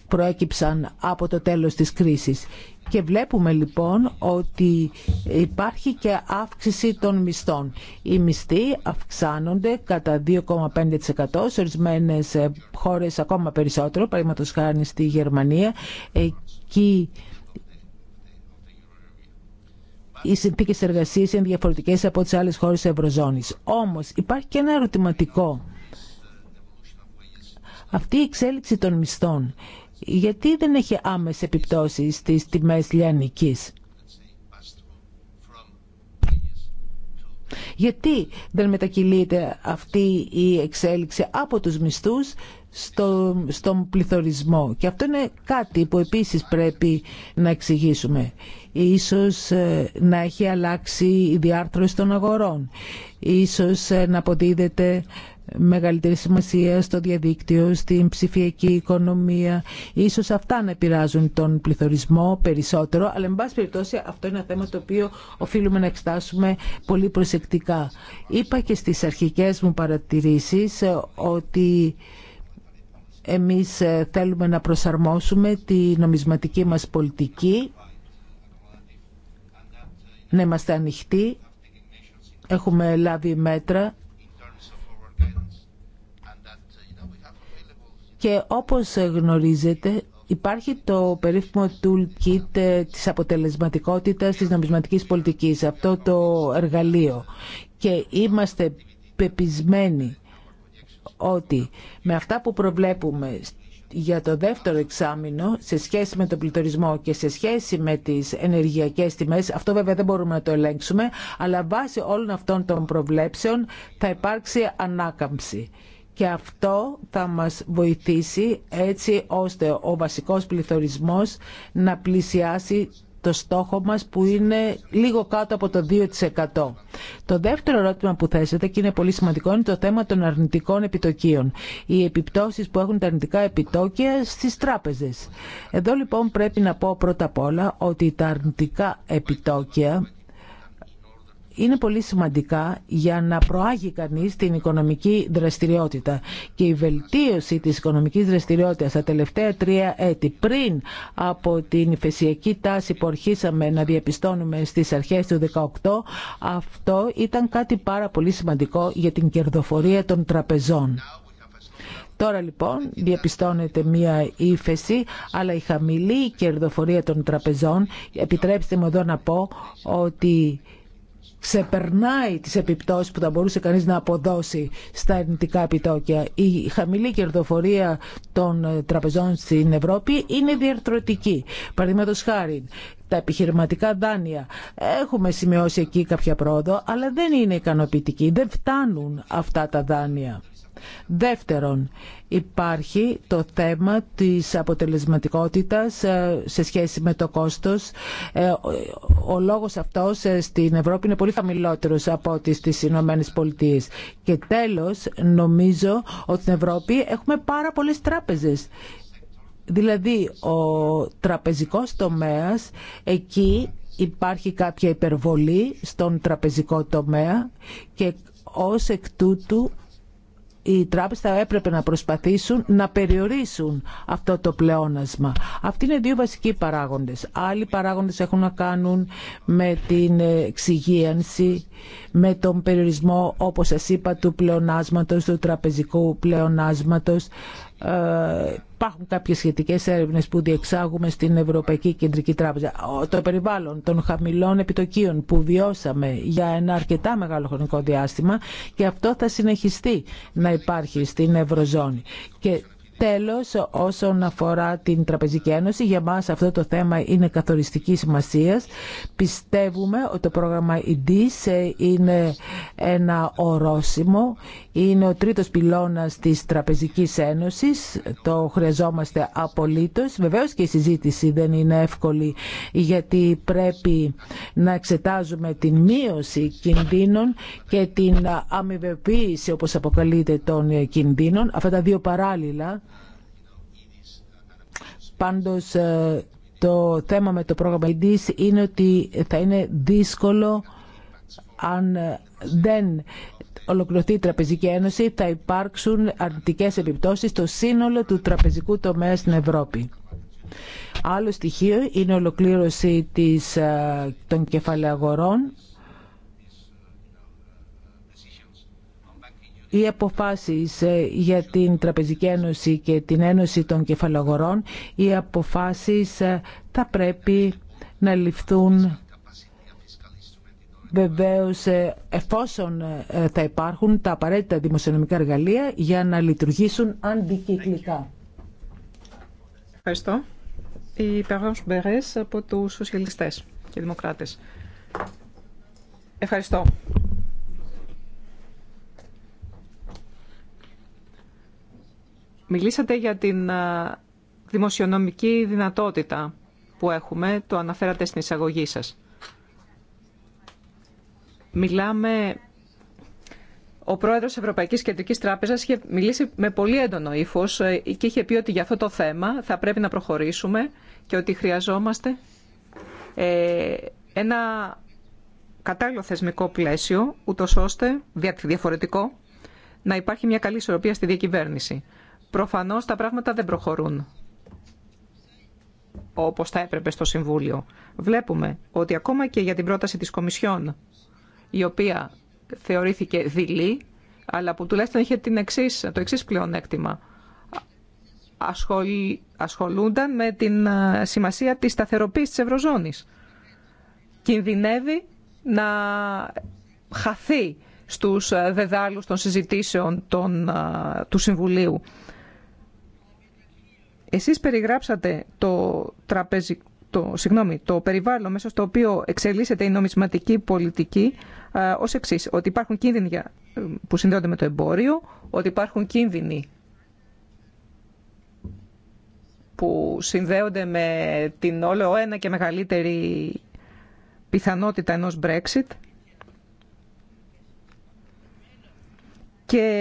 προέκυψαν από το τέλος της κρίσης. Και βλέπουμε λοιπόν ότι υπάρχει και αύξηση των μισθών. Οι μισθοί αυξάνονται κατά 2,5% σε ορισμένε ε, χώρε ακόμα περισσότερο, παραδείγματο χάρη στη Γερμανία. Εκεί οι συνθήκε εργασία είναι διαφορετικέ από τι άλλε χώρε ευρωζώνης. Όμω υπάρχει και ένα ερωτηματικό. Αυτή η εξέλιξη των μισθών γιατί δεν έχει άμεση επιπτώσεις στις τιμές λιανικής. Γιατί δεν μετακυλείται αυτή η εξέλιξη από τους μισθούς στον πληθωρισμό. Και αυτό είναι κάτι που επίσης πρέπει να εξηγήσουμε. Ίσως ε, να έχει αλλάξει η διάρθρωση των αγορών. Ίσως ε, να αποδίδεται μεγαλύτερη σημασία στο διαδίκτυο, στην ψηφιακή οικονομία. Ίσως αυτά να επηρεάζουν τον πληθωρισμό περισσότερο, αλλά εν πάση περιπτώσει αυτό είναι ένα θέμα το οποίο οφείλουμε να εξτάσουμε πολύ προσεκτικά. Είπα και στις αρχικές μου παρατηρήσεις ότι εμείς θέλουμε να προσαρμόσουμε τη νομισματική μας πολιτική, να είμαστε ανοιχτοί, έχουμε λάβει μέτρα και όπως γνωρίζετε υπάρχει το περίφημο toolkit ε, της αποτελεσματικότητας της νομισματικής πολιτικής, αυτό το εργαλείο και είμαστε πεπισμένοι ότι με αυτά που προβλέπουμε για το δεύτερο εξάμεινο σε σχέση με τον πληθωρισμό και σε σχέση με τις ενεργειακές τιμές, αυτό βέβαια δεν μπορούμε να το ελέγξουμε, αλλά βάσει όλων αυτών των προβλέψεων θα υπάρξει ανάκαμψη και αυτό θα μας βοηθήσει έτσι ώστε ο βασικός πληθωρισμός να πλησιάσει το στόχο μας που είναι λίγο κάτω από το 2%. Το δεύτερο ερώτημα που θέσετε και είναι πολύ σημαντικό είναι το θέμα των αρνητικών επιτοκίων. Οι επιπτώσεις που έχουν τα αρνητικά επιτόκια στις τράπεζες. Εδώ λοιπόν πρέπει να πω πρώτα απ' όλα ότι τα αρνητικά επιτόκια είναι πολύ σημαντικά για να προάγει κανείς την οικονομική δραστηριότητα. Και η βελτίωση της οικονομικής δραστηριότητας τα τελευταία τρία έτη πριν από την υφεσιακή τάση που αρχίσαμε να διαπιστώνουμε στις αρχές του 2018, αυτό ήταν κάτι πάρα πολύ σημαντικό για την κερδοφορία των τραπεζών. Τώρα λοιπόν διαπιστώνεται μία ύφεση, αλλά η χαμηλή κερδοφορία των τραπεζών, επιτρέψτε μου εδώ να πω ότι ξεπερνάει τις επιπτώσεις που θα μπορούσε κανείς να αποδώσει στα αρνητικά επιτόκια. Η χαμηλή κερδοφορία των ε, τραπεζών στην Ευρώπη είναι διαρθρωτική. Παραδείγματος χάρη, τα επιχειρηματικά δάνεια. Έχουμε σημειώσει εκεί κάποια πρόοδο, αλλά δεν είναι ικανοποιητική. Δεν φτάνουν αυτά τα δάνεια. Δεύτερον, υπάρχει το θέμα της αποτελεσματικότητας ε, σε σχέση με το κόστος. Ε, ο λόγος αυτός ε, στην Ευρώπη είναι πολύ χαμηλότερος από ό,τι στις Ηνωμένες Πολιτείες. Και τέλος, νομίζω ότι στην Ευρώπη έχουμε πάρα πολλές τράπεζες. Δηλαδή, ο τραπεζικός τομέας εκεί υπάρχει κάποια υπερβολή στον τραπεζικό τομέα και ως εκ τούτου οι τράπεζες θα έπρεπε να προσπαθήσουν να περιορίσουν αυτό το πλεόνασμα. Αυτοί είναι δύο βασικοί παράγοντες. Άλλοι παράγοντες έχουν να κάνουν με την εξυγίανση, με τον περιορισμό, όπως σας είπα, του πλεονάσματος, του τραπεζικού πλεονάσματος υπάρχουν κάποιες σχετικές έρευνες που διεξάγουμε στην Ευρωπαϊκή Κεντρική Τράπεζα. Το περιβάλλον των χαμηλών επιτοκίων που βιώσαμε για ένα αρκετά μεγάλο χρονικό διάστημα και αυτό θα συνεχιστεί να υπάρχει στην Ευρωζώνη. Τέλος, όσον αφορά την Τραπεζική Ένωση, για μας αυτό το θέμα είναι καθοριστική σημασίας. Πιστεύουμε ότι το πρόγραμμα IDC ε, είναι ένα ορόσημο, είναι ο τρίτος πυλώνας της Τραπεζικής Ένωσης, το χρειαζόμαστε απολύτως. Βεβαίως και η συζήτηση δεν είναι εύκολη, γιατί πρέπει να εξετάζουμε την μείωση κινδύνων και την αμοιβεποίηση, όπως αποκαλείται, των κινδύνων. Αυτά τα δύο παράλληλα Πάντως ε, το θέμα με το πρόγραμμα IDs είναι ότι θα είναι δύσκολο αν ε, δεν ολοκληρωθεί η Τραπεζική Ένωση θα υπάρξουν αρνητικές επιπτώσεις στο σύνολο του τραπεζικού τομέα στην Ευρώπη. Άλλο στοιχείο είναι η ολοκλήρωση της, ε, των κεφαλαίων αγορών Οι αποφάσεις ε, για την Τραπεζική Ένωση και την Ένωση των Κεφαλαγορών, οι αποφάσεις ε, θα πρέπει να ληφθούν βεβαίως ε, εφόσον θα υπάρχουν τα απαραίτητα δημοσιονομικά εργαλεία για να λειτουργήσουν αντικυκλικά. Ευχαριστώ. Η Περόν Μπερές από τους Σοσιαλιστές και Δημοκράτες. Ευχαριστώ. Μιλήσατε για την δημοσιονομική δυνατότητα που έχουμε, το αναφέρατε στην εισαγωγή σας. Μιλάμε... Ο πρόεδρος Ευρωπαϊκής Κεντρικής Τράπεζας είχε μιλήσει με πολύ έντονο ύφο ε, και είχε πει ότι για αυτό το θέμα θα πρέπει να προχωρήσουμε και ότι χρειαζόμαστε ε, ένα κατάλληλο θεσμικό πλαίσιο, ούτως ώστε, διαφορετικό, να υπάρχει μια καλή ισορροπία στη διακυβέρνηση. Προφανώς τα πράγματα δεν προχωρούν όπως θα έπρεπε στο Συμβούλιο. Βλέπουμε ότι ακόμα και για την πρόταση της Κομισιόν, η οποία θεωρήθηκε δειλή, αλλά που τουλάχιστον είχε την εξής, το εξή πλεονέκτημα. Ασχολούνταν με την ε, σημασία της σταθεροποίησης της Ευρωζώνης. Κινδυνεύει να χαθεί στους ε, δεδάλους των συζητήσεων των, ε, του Συμβουλίου εσείς περιγράψατε το τραπέζι, το, συγγνώμη, το περιβάλλον μέσα στο οποίο εξελίσσεται η νομισματική πολιτική ως εξή. Ότι υπάρχουν κίνδυνοι ε, που συνδέονται με το εμπόριο, ότι υπάρχουν κίνδυνοι που συνδέονται με την όλο ένα και μεγαλύτερη πιθανότητα ενός Brexit και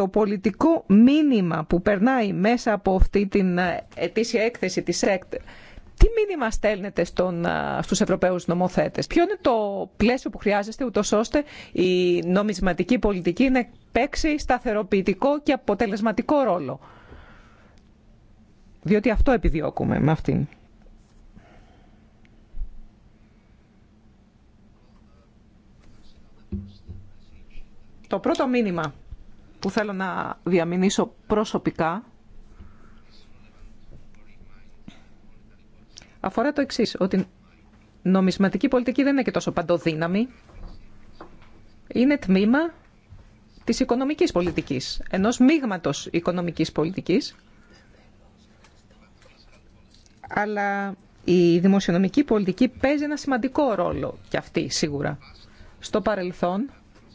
το πολιτικό μήνυμα που περνάει μέσα από αυτή την ε, ετήσια έκθεση της ΕΚΤ, τι μήνυμα στέλνετε στον, ε, στους Ευρωπαίους νομοθέτες, ποιο είναι το πλαίσιο που χρειάζεστε ούτω ώστε η νομισματική πολιτική να παίξει σταθεροποιητικό και αποτελεσματικό ρόλο. Διότι αυτό επιδιώκουμε με αυτήν. Το πρώτο μήνυμα που θέλω να διαμηνήσω προσωπικά αφορά το εξής, ότι νομισματική πολιτική δεν είναι και τόσο παντοδύναμη. Είναι τμήμα της οικονομικής πολιτικής, ενός μείγματος οικονομικής πολιτικής. Αλλά η δημοσιονομική πολιτική παίζει ένα σημαντικό ρόλο και αυτή σίγουρα. Στο παρελθόν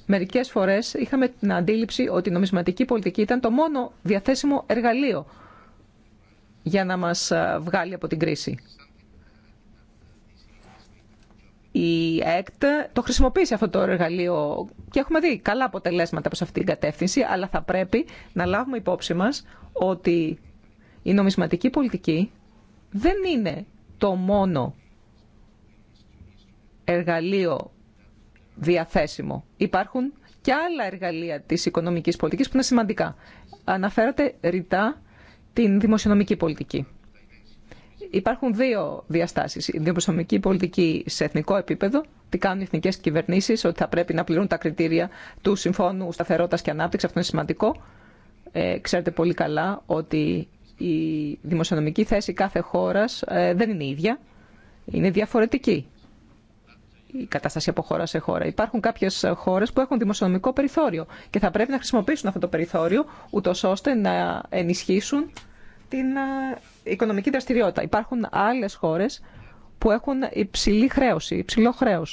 Μερικές φορές είχαμε την αντίληψη ότι η νομισματική πολιτική ήταν το μόνο διαθέσιμο εργαλείο για να μας ε, βγάλει από την κρίση. Η ΕΚΤ το χρησιμοποίησε αυτό το εργαλείο και έχουμε δει καλά αποτελέσματα προς αυτή την κατεύθυνση, αλλά θα πρέπει να λάβουμε υπόψη μας ότι η νομισματική πολιτική δεν είναι το μόνο εργαλείο διαθέσιμο. Υπάρχουν και άλλα εργαλεία της οικονομικής πολιτικής που είναι σημαντικά. Αναφέρατε ρητά την δημοσιονομική πολιτική. Υπάρχουν δύο διαστάσεις. Η δημοσιονομική πολιτική σε εθνικό επίπεδο, τι κάνουν οι εθνικές κυβερνήσεις, ότι θα πρέπει να πληρούν τα κριτήρια του Συμφώνου Σταθερότητας και Ανάπτυξης, αυτό είναι σημαντικό. Ε, ξέρετε πολύ καλά ότι η δημοσιονομική θέση κάθε χώρας ε, δεν είναι ίδια, είναι διαφορετική η κατάσταση από χώρα σε χώρα. Υπάρχουν κάποιε χώρε που έχουν δημοσιονομικό περιθώριο και θα πρέπει να χρησιμοποιήσουν αυτό το περιθώριο, ούτω ώστε να ενισχύσουν την ε, οικονομική δραστηριότητα. Υπάρχουν άλλε χώρε που έχουν υψηλή χρέωση, υψηλό χρέο.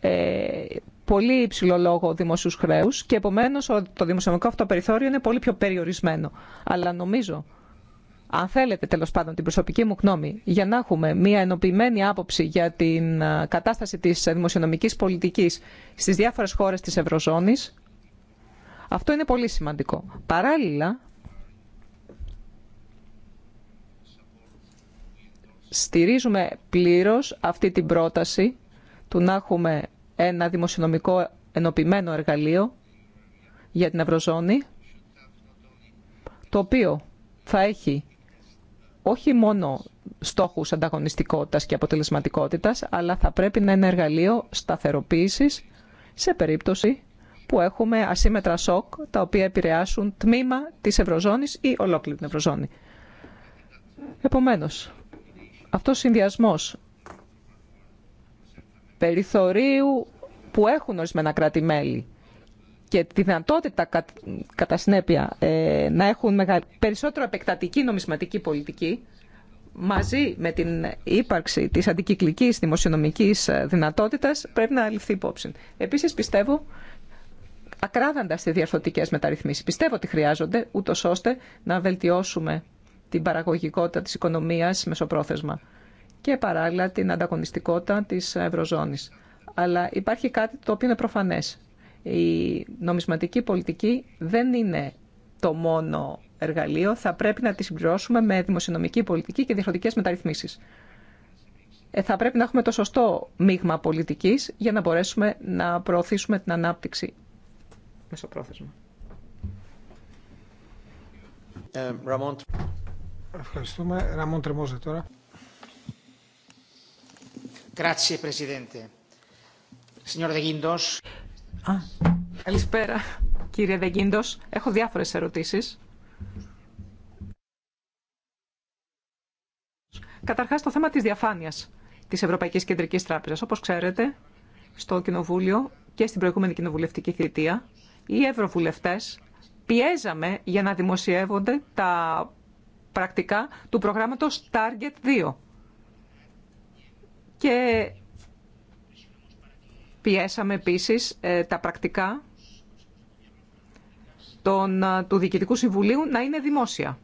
Ε, πολύ υψηλό λόγο δημοσίου χρέου και επομένω το δημοσιονομικό αυτό περιθώριο είναι πολύ πιο περιορισμένο. Αλλά νομίζω αν θέλετε τέλο πάντων την προσωπική μου γνώμη, για να έχουμε μια ενοποιημένη άποψη για την ε, κατάσταση της δημοσιονομικής πολιτικής στις διάφορες χώρες της Ευρωζώνης, αυτό είναι πολύ σημαντικό. Παράλληλα, στηρίζουμε πλήρως αυτή την πρόταση του να έχουμε ένα δημοσιονομικό ενοποιημένο εργαλείο για την Ευρωζώνη, το οποίο θα έχει όχι μόνο στόχους ανταγωνιστικότητας και αποτελεσματικότητας, αλλά θα πρέπει να είναι εργαλείο σταθεροποίησης σε περίπτωση που έχουμε ασύμετρα σοκ, τα οποία επηρεάσουν τμήμα της Ευρωζώνης ή ολόκληρη την Ευρωζώνη. Επομένως, αυτός ο συνδυασμός περιθωρίου που έχουν ορισμένα κράτη-μέλη και τη δυνατότητα κατά συνέπεια ε, να έχουν περισσότερο επεκτατική νομισματική πολιτική μαζί με την ύπαρξη της αντικυκλικής δημοσιονομικής ε, δυνατότητας πρέπει να ληφθεί υπόψη. Επίσης πιστεύω ακράδαντα τι διαρθωτικές μεταρρυθμίσεις. Πιστεύω ότι χρειάζονται ούτω ώστε να βελτιώσουμε την παραγωγικότητα της οικονομίας μεσοπρόθεσμα και παράλληλα την ανταγωνιστικότητα της Ευρωζώνης. Αλλά υπάρχει κάτι το οποίο είναι προφανές η νομισματική πολιτική δεν είναι το μόνο εργαλείο, θα πρέπει να τη συμπληρώσουμε με δημοσιονομική πολιτική και διαφορετικέ μεταρρυθμίσεις. Ε, θα πρέπει να έχουμε το σωστό μείγμα πολιτικής για να μπορέσουμε να προωθήσουμε την ανάπτυξη μεσοπρόθεσμα. Ε, Ραμόν... Ευχαριστούμε. Ραμόν Τρεμόζε τώρα. Grazie, Presidente. Signor De Guindos. Καλησπέρα, κύριε Δεγκίντο. Έχω διάφορες ερωτήσεις. Καταρχάς, το θέμα της διαφάνειας της Ευρωπαϊκής Κεντρικής Τράπεζας. Όπως ξέρετε, στο Κοινοβούλιο και στην προηγούμενη κοινοβουλευτική θητεία, οι Ευρωβουλευτέ πιέζαμε για να δημοσιεύονται τα πρακτικά του προγράμματος Target 2. Και Πιέσαμε επίσης ε, τα πρακτικά των, ε, του Διοικητικού Συμβουλίου να είναι δημόσια.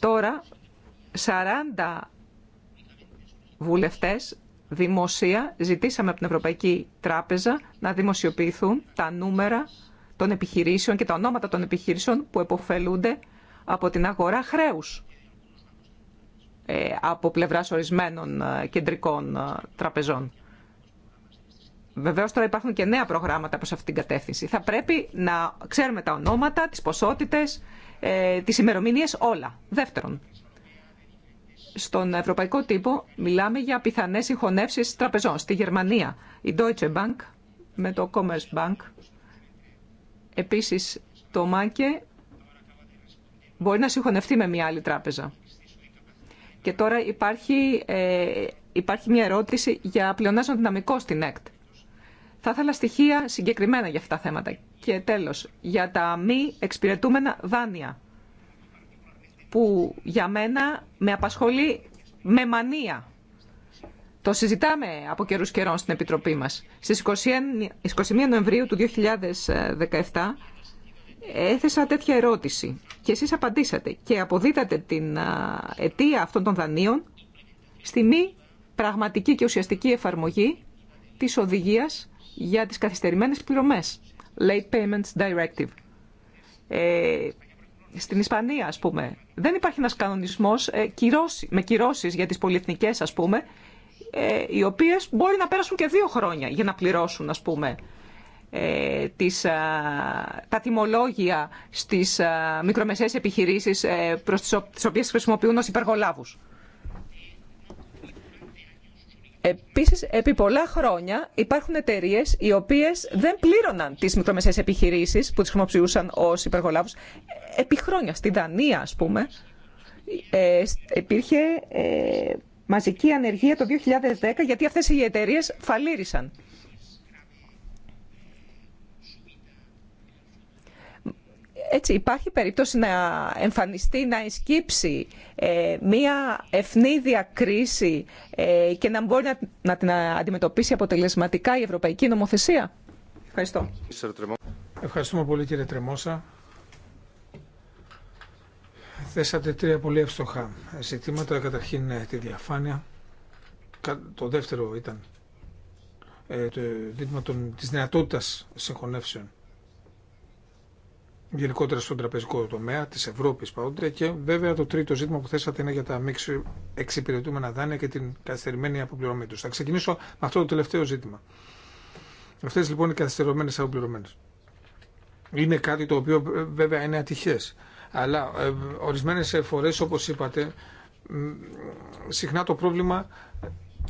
Τώρα, 40 βουλευτές δημοσία ζητήσαμε από την Ευρωπαϊκή Τράπεζα να δημοσιοποιηθούν τα νούμερα των επιχειρήσεων και τα ονόματα των επιχειρήσεων που εποφελούνται από την αγορά χρέους ε, από πλευράς ορισμένων κεντρικών τραπεζών. Βεβαίω τώρα υπάρχουν και νέα προγράμματα προ αυτή την κατεύθυνση. Θα πρέπει να ξέρουμε τα ονόματα, τι ποσότητε, ε, τι ημερομηνίε, όλα. Δεύτερον, στον ευρωπαϊκό τύπο μιλάμε για πιθανέ συγχωνεύσει τραπεζών. Στη Γερμανία, η Deutsche Bank με το Commerce Bank. Επίση, το ΜΑΚΕ μπορεί να συγχωνευτεί με μια άλλη τράπεζα. Και τώρα υπάρχει, ε, υπάρχει μια ερώτηση για πλεονάζον δυναμικό στην ΕΚΤ. Θα ήθελα στοιχεία συγκεκριμένα για αυτά τα θέματα. Και τέλος, για τα μη εξυπηρετούμενα δάνεια, που για μένα με απασχολεί με μανία. Το συζητάμε από καιρούς καιρών στην Επιτροπή μας. Στις 21 Νοεμβρίου του 2017 έθεσα τέτοια ερώτηση και εσείς απαντήσατε και αποδίδατε την αιτία αυτών των δανείων στη μη πραγματική και ουσιαστική εφαρμογή της οδηγίας για τις καθυστερημένες πληρωμές. Late Payments Directive. Ε, στην Ισπανία, ας πούμε, δεν υπάρχει ένας κανονισμός ε, κυρώσει, με κυρώσεις για τις πολυεθνικές, ας πούμε, ε, οι οποίες μπορεί να πέρασουν και δύο χρόνια για να πληρώσουν, ας πούμε, ε, τα τιμολόγια στις α, μικρομεσαίες επιχειρήσεις ε, προς τις, τις οποίες χρησιμοποιούν ως υπεργολάβους. Επίσης, επί πολλά χρόνια υπάρχουν εταιρείε οι οποίες δεν πλήρωναν τις μικρομεσαίες επιχειρήσεις που τις χρησιμοποιούσαν ως υπεργολάβους. Επί χρόνια, στη Δανία ας πούμε, ε, υπήρχε ε, μαζική ανεργία το 2010 γιατί αυτές οι εταιρείε φαλήρισαν. έτσι, υπάρχει περίπτωση να εμφανιστεί, να εισκύψει ε, μία ευνίδια κρίση ε, και να μπορεί να, να την αντιμετωπίσει αποτελεσματικά η Ευρωπαϊκή Νομοθεσία. Ευχαριστώ. Ευχαριστούμε πολύ κύριε Τρεμόσα. Θέσατε τρία πολύ ευστοχά ζητήματα. Καταρχήν ε, τη διαφάνεια. Το δεύτερο ήταν ε, το ζήτημα της δυνατότητας συγχωνεύσεων γενικότερα στον τραπεζικό τομέα της Ευρώπης παρόντια και βέβαια το τρίτο ζήτημα που θέσατε είναι για τα μη εξυπηρετούμενα δάνεια και την καθυστερημένη αποπληρωμή τους. Θα ξεκινήσω με αυτό το τελευταίο ζήτημα. Αυτές λοιπόν οι καθυστερημένες αποπληρωμένε. Είναι κάτι το οποίο ε, βέβαια είναι ατυχε. Αλλά ε, ορισμένες φορές όπως είπατε συχνά το πρόβλημα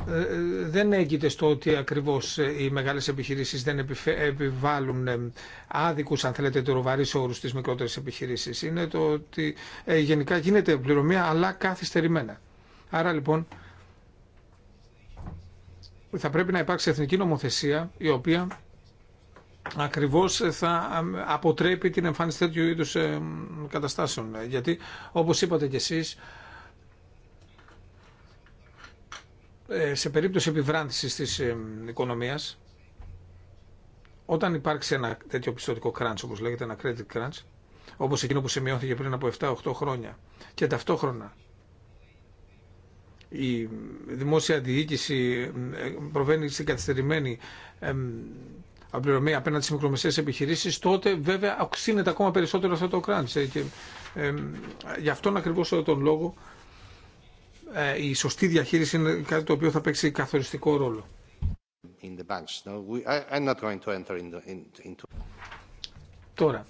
ε, ε, δεν έγκυται στο ότι ακριβώς ε, οι μεγάλες επιχειρήσεις δεν επιβάλλουν άδικους αν θέλετε τροβαρείς όρους στις μικρότερες επιχειρήσεις. Είναι το ότι γενικά γίνεται πληρωμία αλλά καθυστερημένα. Άρα λοιπόν θα πρέπει να υπάρξει εθνική νομοθεσία η οποία ακριβώς θα αποτρέπει την εμφάνιση τέτοιου είδους καταστάσεων. Γιατί όπως είπατε κι εσείς Ε, σε περίπτωση επιβράνθησης της οικονομίας, όταν υπάρξει ένα τέτοιο πιστοτικό crunch, όπως λέγεται ένα credit crunch, όπως εκείνο που σημειώθηκε πριν από 7-8 χρόνια, και ταυτόχρονα η δημόσια διοίκηση ε, προβαίνει στην καθυστερημένη απληρωμή απέναντι στις μικρομεσαίες επιχειρήσεις, τότε βέβαια αυξήνεται ακόμα περισσότερο αυτό το crunch. Ε, και, ε, γι' αυτόν ακριβώς τον λόγο ε, η σωστή διαχείριση είναι κάτι το οποίο θα παίξει καθοριστικό ρόλο. Τώρα,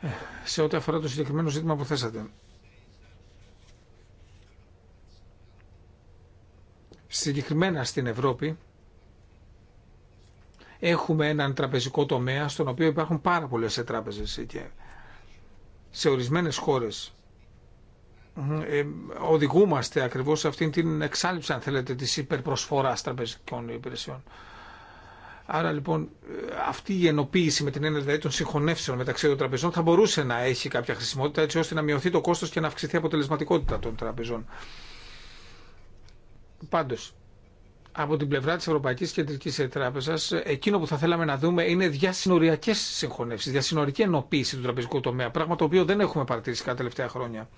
ε, σε ό,τι αφορά το συγκεκριμένο ζήτημα που θέσατε. Συγκεκριμένα στην Ευρώπη έχουμε έναν τραπεζικό τομέα στον οποίο υπάρχουν πάρα πολλές τράπεζες και σε ορισμένες χώρες ε, οδηγούμαστε ακριβώς σε αυτήν την εξάλληψη αν θέλετε της υπερπροσφοράς τραπεζικών υπηρεσιών. Άρα λοιπόν αυτή η ενοποίηση με την έννοια δηλαδή, των συγχωνεύσεων μεταξύ των τραπεζών θα μπορούσε να έχει κάποια χρησιμότητα έτσι ώστε να μειωθεί το κόστος και να αυξηθεί η αποτελεσματικότητα των τραπεζών. Πάντως, από την πλευρά της Ευρωπαϊκής Κεντρικής Τράπεζας, εκείνο που θα θέλαμε να δούμε είναι διασυνοριακές συγχωνεύσεις, διασυνορική ενοποίηση του τραπεζικού τομέα, πράγμα το οποίο δεν έχουμε παρατηρήσει κατά τελευταία χρόνια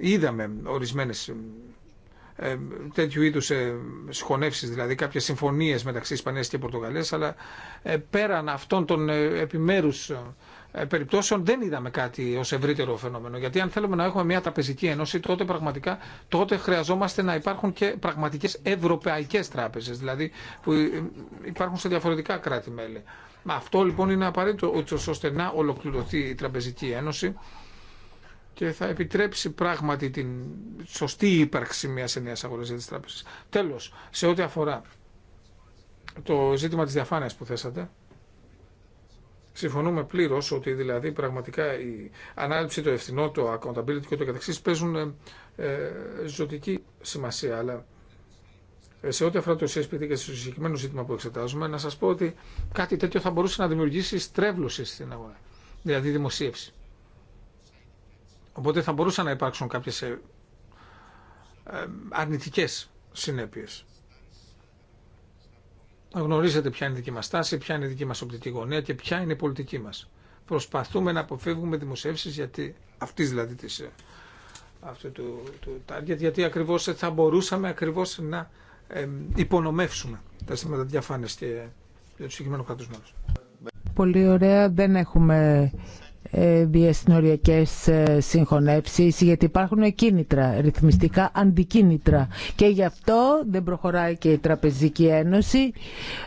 είδαμε ορισμένες τέτοιου είδους ε, σχονεύσεις, δηλαδή κάποιες συμφωνίες μεταξύ Ισπανίας και Πορτογαλίας, αλλά ε, πέραν αυτών των ε, επιμέρους περιπτώσεων δεν είδαμε κάτι ως ευρύτερο φαινόμενο. Γιατί αν θέλουμε να έχουμε μια τραπεζική ένωση, τότε πραγματικά τότε χρειαζόμαστε να υπάρχουν και πραγματικές ευρωπαϊκές τράπεζες, δηλαδή που υπάρχουν σε διαφορετικά κράτη-μέλη. Αυτό λοιπόν είναι απαραίτητο ώστε να ολοκληρωθεί η Τραπεζική Ένωση και θα επιτρέψει πράγματι την σωστή ύπαρξη μια ενιαία αγορά για τι τράπεζε. Τέλο, σε ό,τι αφορά το ζήτημα τη διαφάνεια που θέσατε, συμφωνούμε πλήρω ότι δηλαδή πραγματικά η ανάληψη, το ευθυνό, το accountability και το καταξύ παίζουν ε, ζωτική σημασία. Αλλά ε, σε ό,τι αφορά το CSPD και στο συγκεκριμένο ζήτημα που εξετάζουμε, να σα πω ότι κάτι τέτοιο θα μπορούσε να δημιουργήσει στρέβλωση στην αγορά. Δηλαδή δημοσίευση. Οπότε θα μπορούσαν να υπάρξουν κάποιες ε, ε, αρνητικές συνέπειες. Γνωρίζετε ποια είναι η δική μας στάση, ποια είναι η δική μας οπτική γωνία και ποια είναι η πολιτική μας. Προσπαθούμε να αποφεύγουμε δημοσιεύσεις γιατί αυτής δηλαδή της, ε, αυτού του, του target, γιατί ακριβώς θα μπορούσαμε ακριβώς να υπονομεύσουμε τα αισθήματα διαφάνειας και, για του συγκεκριμένου κρατούς Πολύ ωραία. Δεν έχουμε διασυνοριακές ε, ε, συγχωνεύσεις γιατί υπάρχουν κίνητρα, ρυθμιστικά αντικίνητρα και γι' αυτό δεν προχωράει και η Τραπεζική Ένωση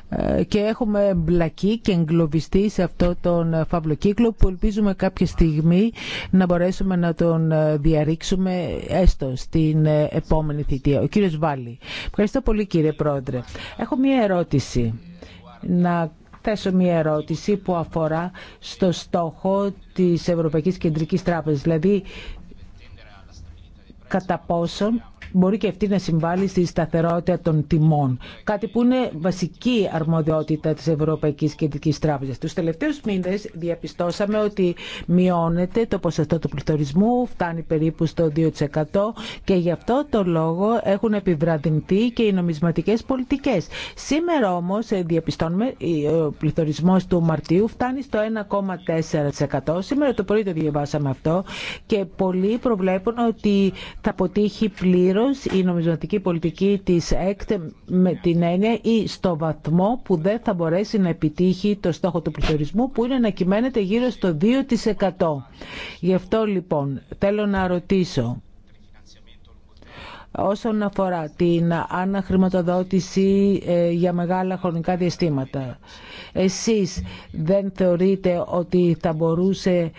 ε, και έχουμε μπλακεί και εγκλωβιστεί σε αυτό τον κύκλο που ελπίζουμε κάποια στιγμή να μπορέσουμε να τον διαρρήξουμε έστω στην επόμενη θητεία. Ο κύριος Βάλλη. Ευχαριστώ πολύ κύριε Πρόεδρε. Έχω μία ερώτηση να θέσω μια ερώτηση που αφορά στο στόχο της Ευρωπαϊκής Κεντρικής Τράπεζας, δηλαδή κατά πόσον μπορεί και αυτή να συμβάλλει στη σταθερότητα των τιμών. Κάτι που είναι βασική αρμοδιότητα της Ευρωπαϊκής Κεντρικής Τράπεζας. Τους τελευταίους μήνες διαπιστώσαμε ότι μειώνεται το ποσοστό του πληθωρισμού, φτάνει περίπου στο 2% και γι' αυτό το λόγο έχουν επιβραδυνθεί και οι νομισματικές πολιτικές. Σήμερα όμως ε, διαπιστώνουμε ο πληθωρισμός του Μαρτίου φτάνει στο 1,4%. Σήμερα το πρωί το διαβάσαμε αυτό και πολλοί προβλέπουν ότι θα αποτύχει πλήρως η νομισματική πολιτική της ΕΚΤ με την έννοια ή στο βαθμό που δεν θα μπορέσει να επιτύχει το στόχο του πληθωρισμού που είναι να κυμαίνεται γύρω στο 2%. Γι' αυτό λοιπόν θέλω να ρωτήσω όσον αφορά την αναχρηματοδότηση ε, για μεγάλα χρονικά διαστήματα. Εσείς δεν θεωρείτε ότι θα μπορούσε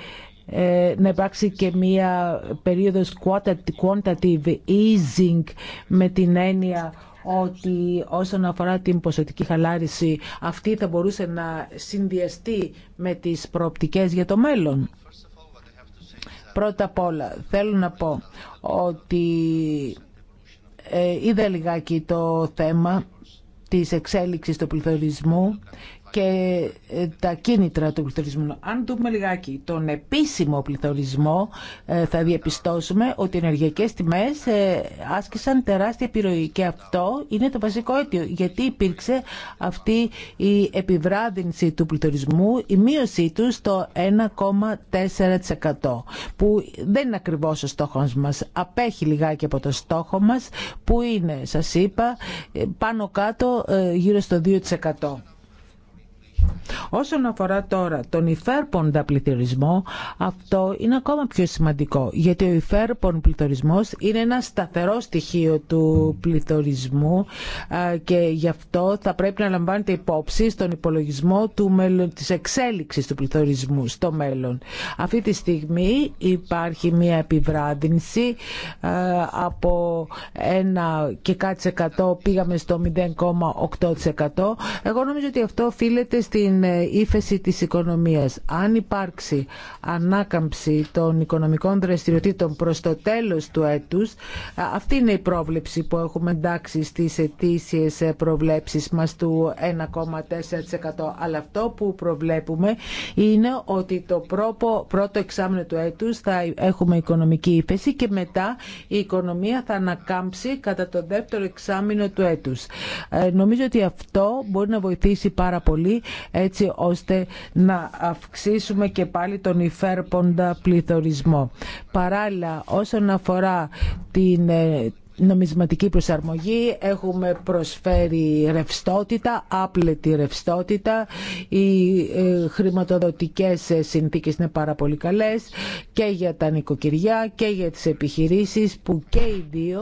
ε, να υπάρξει και μία περίοδος quantitative easing με την έννοια ότι όσον αφορά την ποσοτική χαλάρωση αυτή θα μπορούσε να συνδυαστεί με τις προοπτικές για το μέλλον. Πρώτα απ' όλα θέλω να πω ότι ε, είδα λιγάκι το θέμα της εξέλιξης του πληθωρισμού και ε, τα κίνητρα του πληθωρισμού. Αν δούμε λιγάκι τον επίσημο πληθωρισμό, ε, θα διαπιστώσουμε ότι οι ενεργειακές τιμές ε, άσκησαν τεράστια επιρροή και αυτό είναι το βασικό αίτιο, γιατί υπήρξε αυτή η επιβράδυνση του πληθωρισμού, η μείωσή του στο 1,4% που δεν είναι ακριβώς ο στόχος μας, απέχει λιγάκι από το στόχο μας που είναι, σας είπα, πάνω κάτω γύρω στο 2%. Όσον αφορά τώρα τον υφέρποντα πληθωρισμό, αυτό είναι ακόμα πιο σημαντικό, γιατί ο υφέρπον πληθωρισμός είναι ένα σταθερό στοιχείο του πληθωρισμού και γι' αυτό θα πρέπει να λαμβάνετε υπόψη στον υπολογισμό του μέλλον, της εξέλιξης του πληθωρισμού στο μέλλον. Αυτή τη στιγμή υπάρχει μια επιβράδυνση από ένα και κάτι πήγαμε στο 0,8%. Εγώ νομίζω ότι αυτό οφείλεται στην ε, ύφεση της οικονομίας. Αν υπάρξει ανάκαμψη των οικονομικών δραστηριοτήτων προς το τέλος του έτους, αυτή είναι η πρόβλεψη που έχουμε εντάξει στις ετήσιες ε, προβλέψεις μας του 1,4%. Αλλά αυτό που προβλέπουμε είναι ότι το πρώτο εξάμεινο του έτους θα έχουμε οικονομική ύφεση και μετά η οικονομία θα ανακάμψει κατά το δεύτερο εξάμεινο του έτους. Ε, νομίζω ότι αυτό μπορεί να βοηθήσει πάρα πολύ έτσι ώστε να αυξήσουμε και πάλι τον υφέρποντα πληθωρισμό. Παράλληλα, όσον αφορά την, ε, νομισματική προσαρμογή, έχουμε προσφέρει ρευστότητα, άπλετη ρευστότητα, οι ε, χρηματοδοτικές συνθήκες είναι πάρα πολύ καλές και για τα νοικοκυριά και για τις επιχειρήσεις που και οι δύο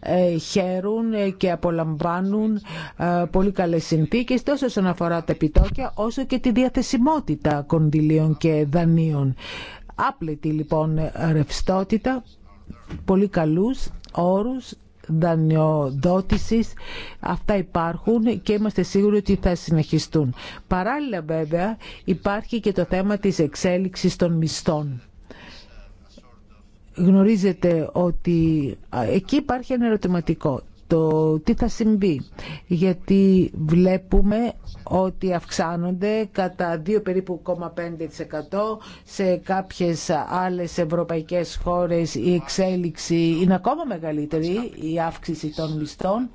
ε, χαίρουν και απολαμβάνουν ε, πολύ καλές συνθήκες τόσο όσον αφορά τα επιτόκια όσο και τη διαθεσιμότητα κονδυλίων και δανείων. Άπλετη λοιπόν ρευστότητα, πολύ καλούς όρους δανειοδότησης. Αυτά υπάρχουν και είμαστε σίγουροι ότι θα συνεχιστούν. Παράλληλα βέβαια υπάρχει και το θέμα της εξέλιξης των μισθών. Γνωρίζετε ότι εκεί υπάρχει ένα ερωτηματικό το τι θα συμβεί. Γιατί βλέπουμε ότι αυξάνονται κατά 2 περίπου 0,5% σε κάποιες άλλες ευρωπαϊκές χώρες η εξέλιξη είναι ακόμα μεγαλύτερη, η αύξηση των μισθών.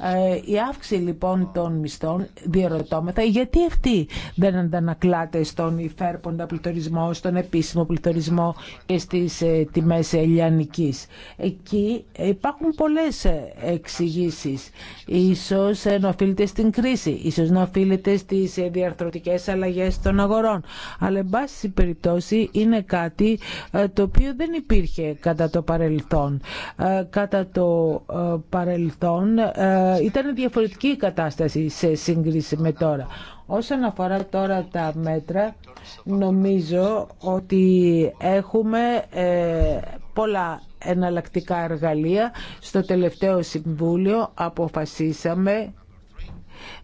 Ε, η αύξηση λοιπόν των μισθών διαρωτώμεθα γιατί αυτή δεν αντανακλάται στον υφέρποντα πληθωρισμό, στον επίσημο πληθωρισμό και στις ε, τιμές ελιανικής. Εκεί υπάρχουν πολλές ε, εξηγήσει. Ίσως να οφείλεται στην κρίση, ίσως να οφείλεται στις διαρθρωτικές αλλαγές των αγορών. Αλλά εν πάση περιπτώσει είναι κάτι το οποίο δεν υπήρχε κατά το παρελθόν. Κατά το παρελθόν ε, ήταν διαφορετική η κατάσταση σε σύγκριση με τώρα. Όσον αφορά τώρα τα μέτρα, νομίζω ότι έχουμε ε, πολλά εναλλακτικά εργαλεία. Στο τελευταίο Συμβούλιο αποφασίσαμε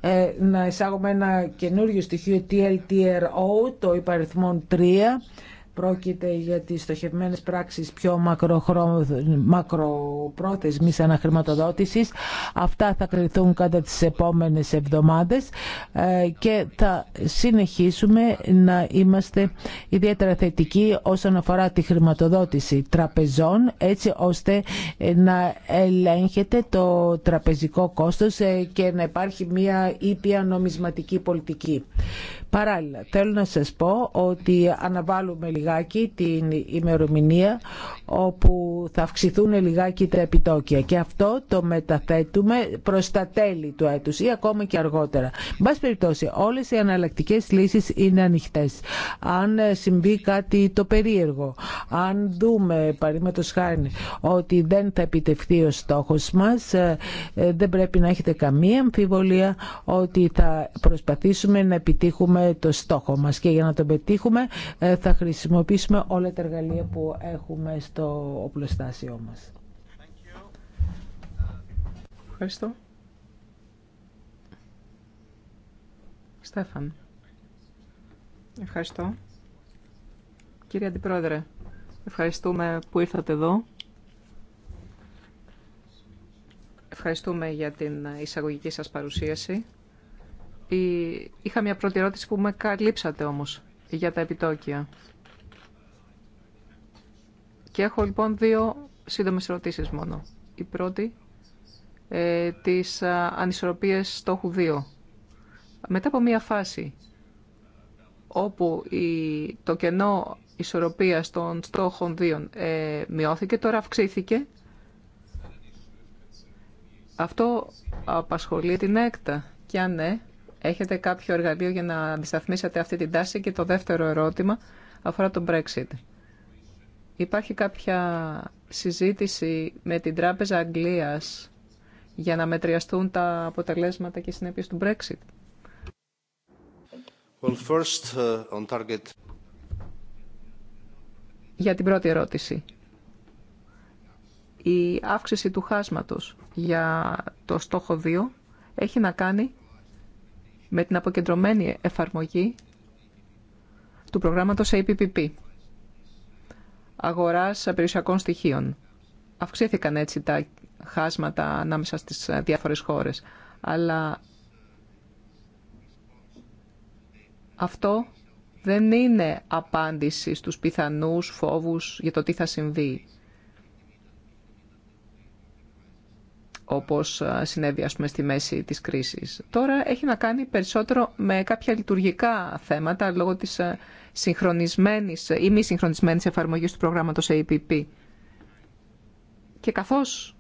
ε, να εισάγουμε ένα καινούριο στοιχείο TLTRO, το υπαριθμόν 3, Πρόκειται για τις στοχευμένες πράξεις πιο μακροχρό... μακροπρόθεσμης αναχρηματοδότησης. Αυτά θα κρυθούν κατά τις επόμενες εβδομάδες ε, και θα συνεχίσουμε να είμαστε ιδιαίτερα θετικοί όσον αφορά τη χρηματοδότηση τραπεζών έτσι ώστε να ελέγχεται το τραπεζικό κόστος ε, και να υπάρχει μια ήπια νομισματική πολιτική. Παράλληλα, θέλω να σας πω ότι αναβάλουμε λιγάκι την ημερομηνία όπου θα αυξηθούν λιγάκι τα επιτόκια και αυτό το μεταθέτουμε προς τα τέλη του έτους ή ακόμα και αργότερα. Μπας περιπτώσει, όλες οι αναλλακτικέ λύσεις είναι ανοιχτές. Αν συμβεί κάτι το περίεργο, αν δούμε το χάρη ότι δεν θα επιτευχθεί ο στόχος μας, ε, ε, δεν πρέπει να έχετε καμία αμφιβολία ότι θα προσπαθήσουμε να επιτύχουμε το στόχο μας και για να το πετύχουμε ε, θα χρησιμοποιήσουμε όλα τα εργαλεία που έχουμε στο οπλοστάσιό μας. Ευχαριστώ. Στέφαν. Ευχαριστώ. Κύριε Αντιπρόεδρε, ευχαριστούμε που ήρθατε εδώ. Ευχαριστούμε για την εισαγωγική σας παρουσίαση. Είχα μια πρώτη ερώτηση που με καλύψατε όμως για τα επιτόκια. Και έχω λοιπόν δύο σύντομες ερωτήσεις μόνο. Η πρώτη, ε, τις ανισορροπίες στόχου 2. Μετά από μια φάση όπου η, το κενό ισορροπίας των στόχων 2 ε, μειώθηκε, τώρα αυξήθηκε. Αυτό απασχολεί την έκτα. Και αν ναι, Έχετε κάποιο εργαλείο για να αντισταθμίσετε αυτή την τάση και το δεύτερο ερώτημα αφορά τον Brexit. Υπάρχει κάποια συζήτηση με την Τράπεζα Αγγλίας για να μετριαστούν τα αποτελέσματα και οι συνέπειες του Brexit. Uh, on target. Για την πρώτη ερώτηση. Η αύξηση του χάσματος για το στόχο 2 έχει να κάνει με την αποκεντρωμένη εφαρμογή του προγράμματος APPP, αγοράς περιουσιακών στοιχείων. Αυξήθηκαν έτσι τα χάσματα ανάμεσα στις ε, διάφορες χώρες, αλλά αυτό δεν είναι απάντηση στους πιθανούς φόβους για το τι θα συμβεί όπως συνέβη ας πούμε, στη μέση της κρίσης. Τώρα έχει να κάνει περισσότερο με κάποια λειτουργικά θέματα λόγω της συγχρονισμένης ή μη συγχρονισμένης εφαρμογής του προγράμματος APP. Και καθώς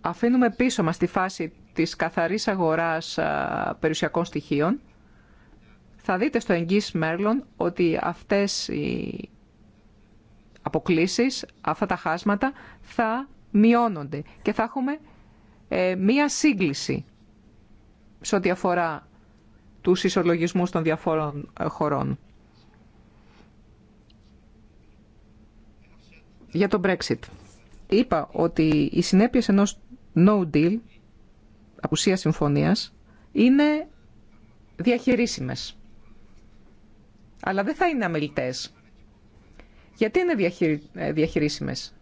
αφήνουμε πίσω μας τη φάση της καθαρής αγοράς περιουσιακών στοιχείων, θα δείτε στο εγγύς μέλλον ότι αυτές οι αποκλήσεις, αυτά τα χάσματα θα μειώνονται και θα έχουμε ε, μία σύγκληση σε ό,τι αφορά τους ισολογισμούς των διαφόρων ε, χωρών. Για το Brexit. Είπα ότι οι συνέπειες ενός no deal, απουσία συμφωνίας, είναι διαχειρίσιμες. Αλλά δεν θα είναι αμελητές. Γιατί είναι διαχειρι... Ε, διαχειρίσιμες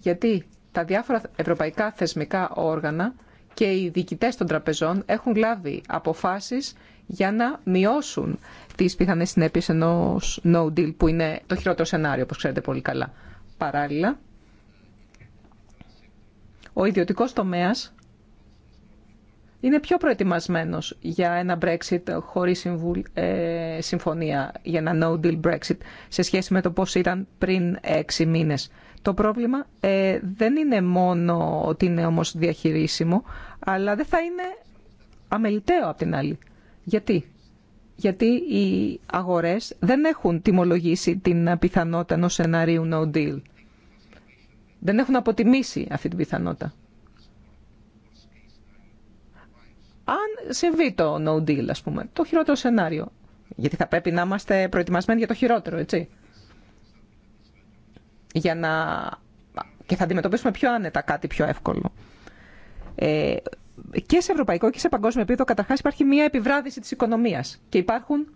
γιατί τα διάφορα ευρωπαϊκά θεσμικά όργανα και οι διοικητές των τραπεζών έχουν λάβει αποφάσεις για να μειώσουν τις πιθανές συνέπειες ενός no deal που είναι το χειρότερο σενάριο, όπως ξέρετε πολύ καλά. Παράλληλα, ο ιδιωτικός τομέας είναι πιο προετοιμασμένος για ένα Brexit χωρίς ε, συμφωνία, για ένα no deal Brexit, σε σχέση με το πώς ήταν πριν έξι μήνες. Το πρόβλημα ε, δεν είναι μόνο ότι είναι όμως διαχειρίσιμο, αλλά δεν θα είναι αμεληταίο απ' την άλλη. Γιατί? Γιατί οι αγορές δεν έχουν τιμολογήσει την πιθανότητα ενός σενάριου no deal. Δεν έχουν αποτιμήσει αυτή την πιθανότητα. αν συμβεί το no deal, ας πούμε, το χειρότερο σενάριο. Γιατί θα πρέπει να είμαστε προετοιμασμένοι για το χειρότερο, έτσι. Για να... Και θα αντιμετωπίσουμε πιο άνετα κάτι πιο εύκολο. Ε, και σε ευρωπαϊκό και σε παγκόσμιο επίπεδο, καταρχάς υπάρχει μια επιβράδυση της οικονομίας. Και υπάρχουν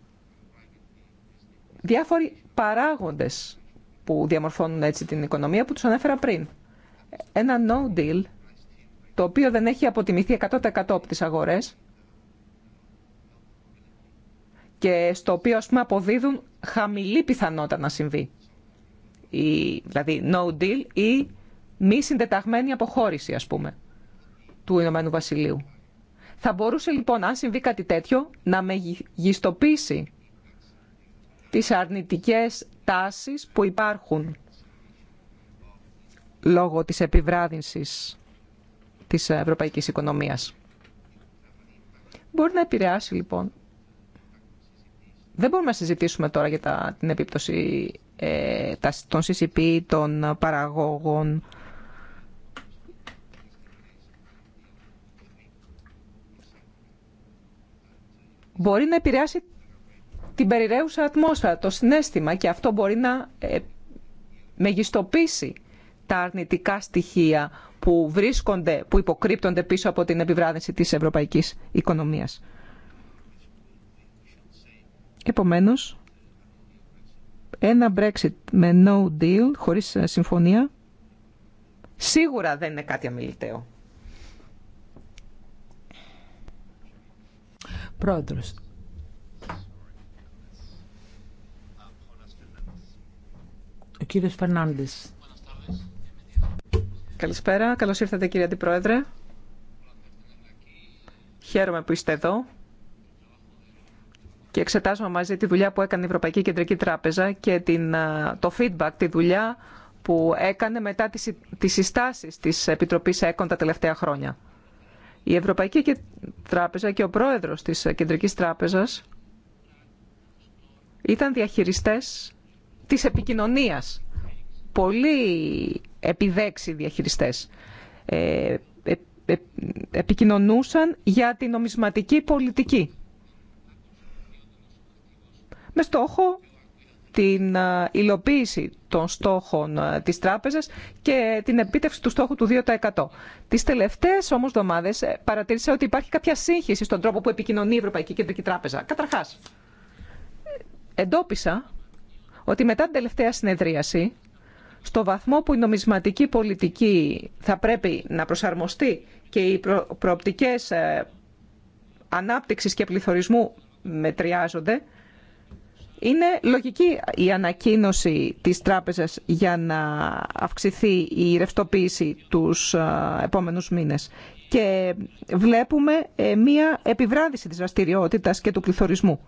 διάφοροι παράγοντες που διαμορφώνουν έτσι την οικονομία που τους ανέφερα πριν. Ένα no deal το οποίο δεν έχει αποτιμηθεί 100% από τις αγορές και στο οποίο ας πούμε αποδίδουν χαμηλή πιθανότητα να συμβεί. Η, δηλαδή no deal ή μη συντεταγμένη αποχώρηση ας πούμε του Ηνωμένου Βασιλείου. Θα μπορούσε λοιπόν αν συμβεί κάτι τέτοιο να μεγιστοποιήσει τις αρνητικές τάσεις που υπάρχουν λόγω της επιβράδυνσης της ευρωπαϊκής οικονομίας. Μπορεί να επηρεάσει λοιπόν. Δεν μπορούμε να συζητήσουμε τώρα για τα, την επίπτωση ε, των CCP, των παραγόγων. Μπορεί να επηρεάσει την περιραίουσα ατμόσφαιρα, το συνέστημα και αυτό μπορεί να ε, μεγιστοποιήσει τα αρνητικά στοιχεία που βρίσκονται, που υποκρύπτονται πίσω από την επιβράδυνση της ευρωπαϊκής οικονομίας. Επομένως, ένα Brexit με no deal, χωρίς ε, συμφωνία, σίγουρα δεν είναι κάτι αμιλητέο. Πρόεδρος. Ο κύριος Φερνάνδης. Καλησπέρα. Καλώς ήρθατε κύριε Αντιπρόεδρε. Χαίρομαι που είστε εδώ και εξετάζουμε μαζί τη δουλειά που έκανε η Ευρωπαϊκή Κεντρική Τράπεζα και την, το feedback, τη δουλειά που έκανε μετά τις, τις συστάσεις της Επιτροπής ΕΚΟΝ τα τελευταία χρόνια. Η Ευρωπαϊκή Τράπεζα και ο πρόεδρος της Κεντρικής Τράπεζας ήταν διαχειριστές της επικοινωνίας. Πολύ επιδέξει διαχειριστές. Ε, ε, ε επικοινωνούσαν για την νομισματική πολιτική. Με στόχο την ε, υλοποίηση των στόχων της τράπεζας και την επίτευξη του στόχου του 2%. Τις τελευταίες όμως εβδομάδες παρατήρησα ότι υπάρχει κάποια σύγχυση στον τρόπο που επικοινωνεί η Ευρωπαϊκή Κεντρική Τράπεζα. Καταρχάς, εντόπισα ότι μετά την τελευταία συνεδρίαση στο βαθμό που η νομισματική πολιτική θα πρέπει να προσαρμοστεί και οι προοπτικές ε, ανάπτυξης και πληθωρισμού μετριάζονται, είναι λογική η ανακοίνωση της τράπεζας για να αυξηθεί η ρευστοποίηση τους ε, επόμενους μήνες. Και βλέπουμε ε, μία επιβράδυση της δραστηριότητα και του πληθωρισμού.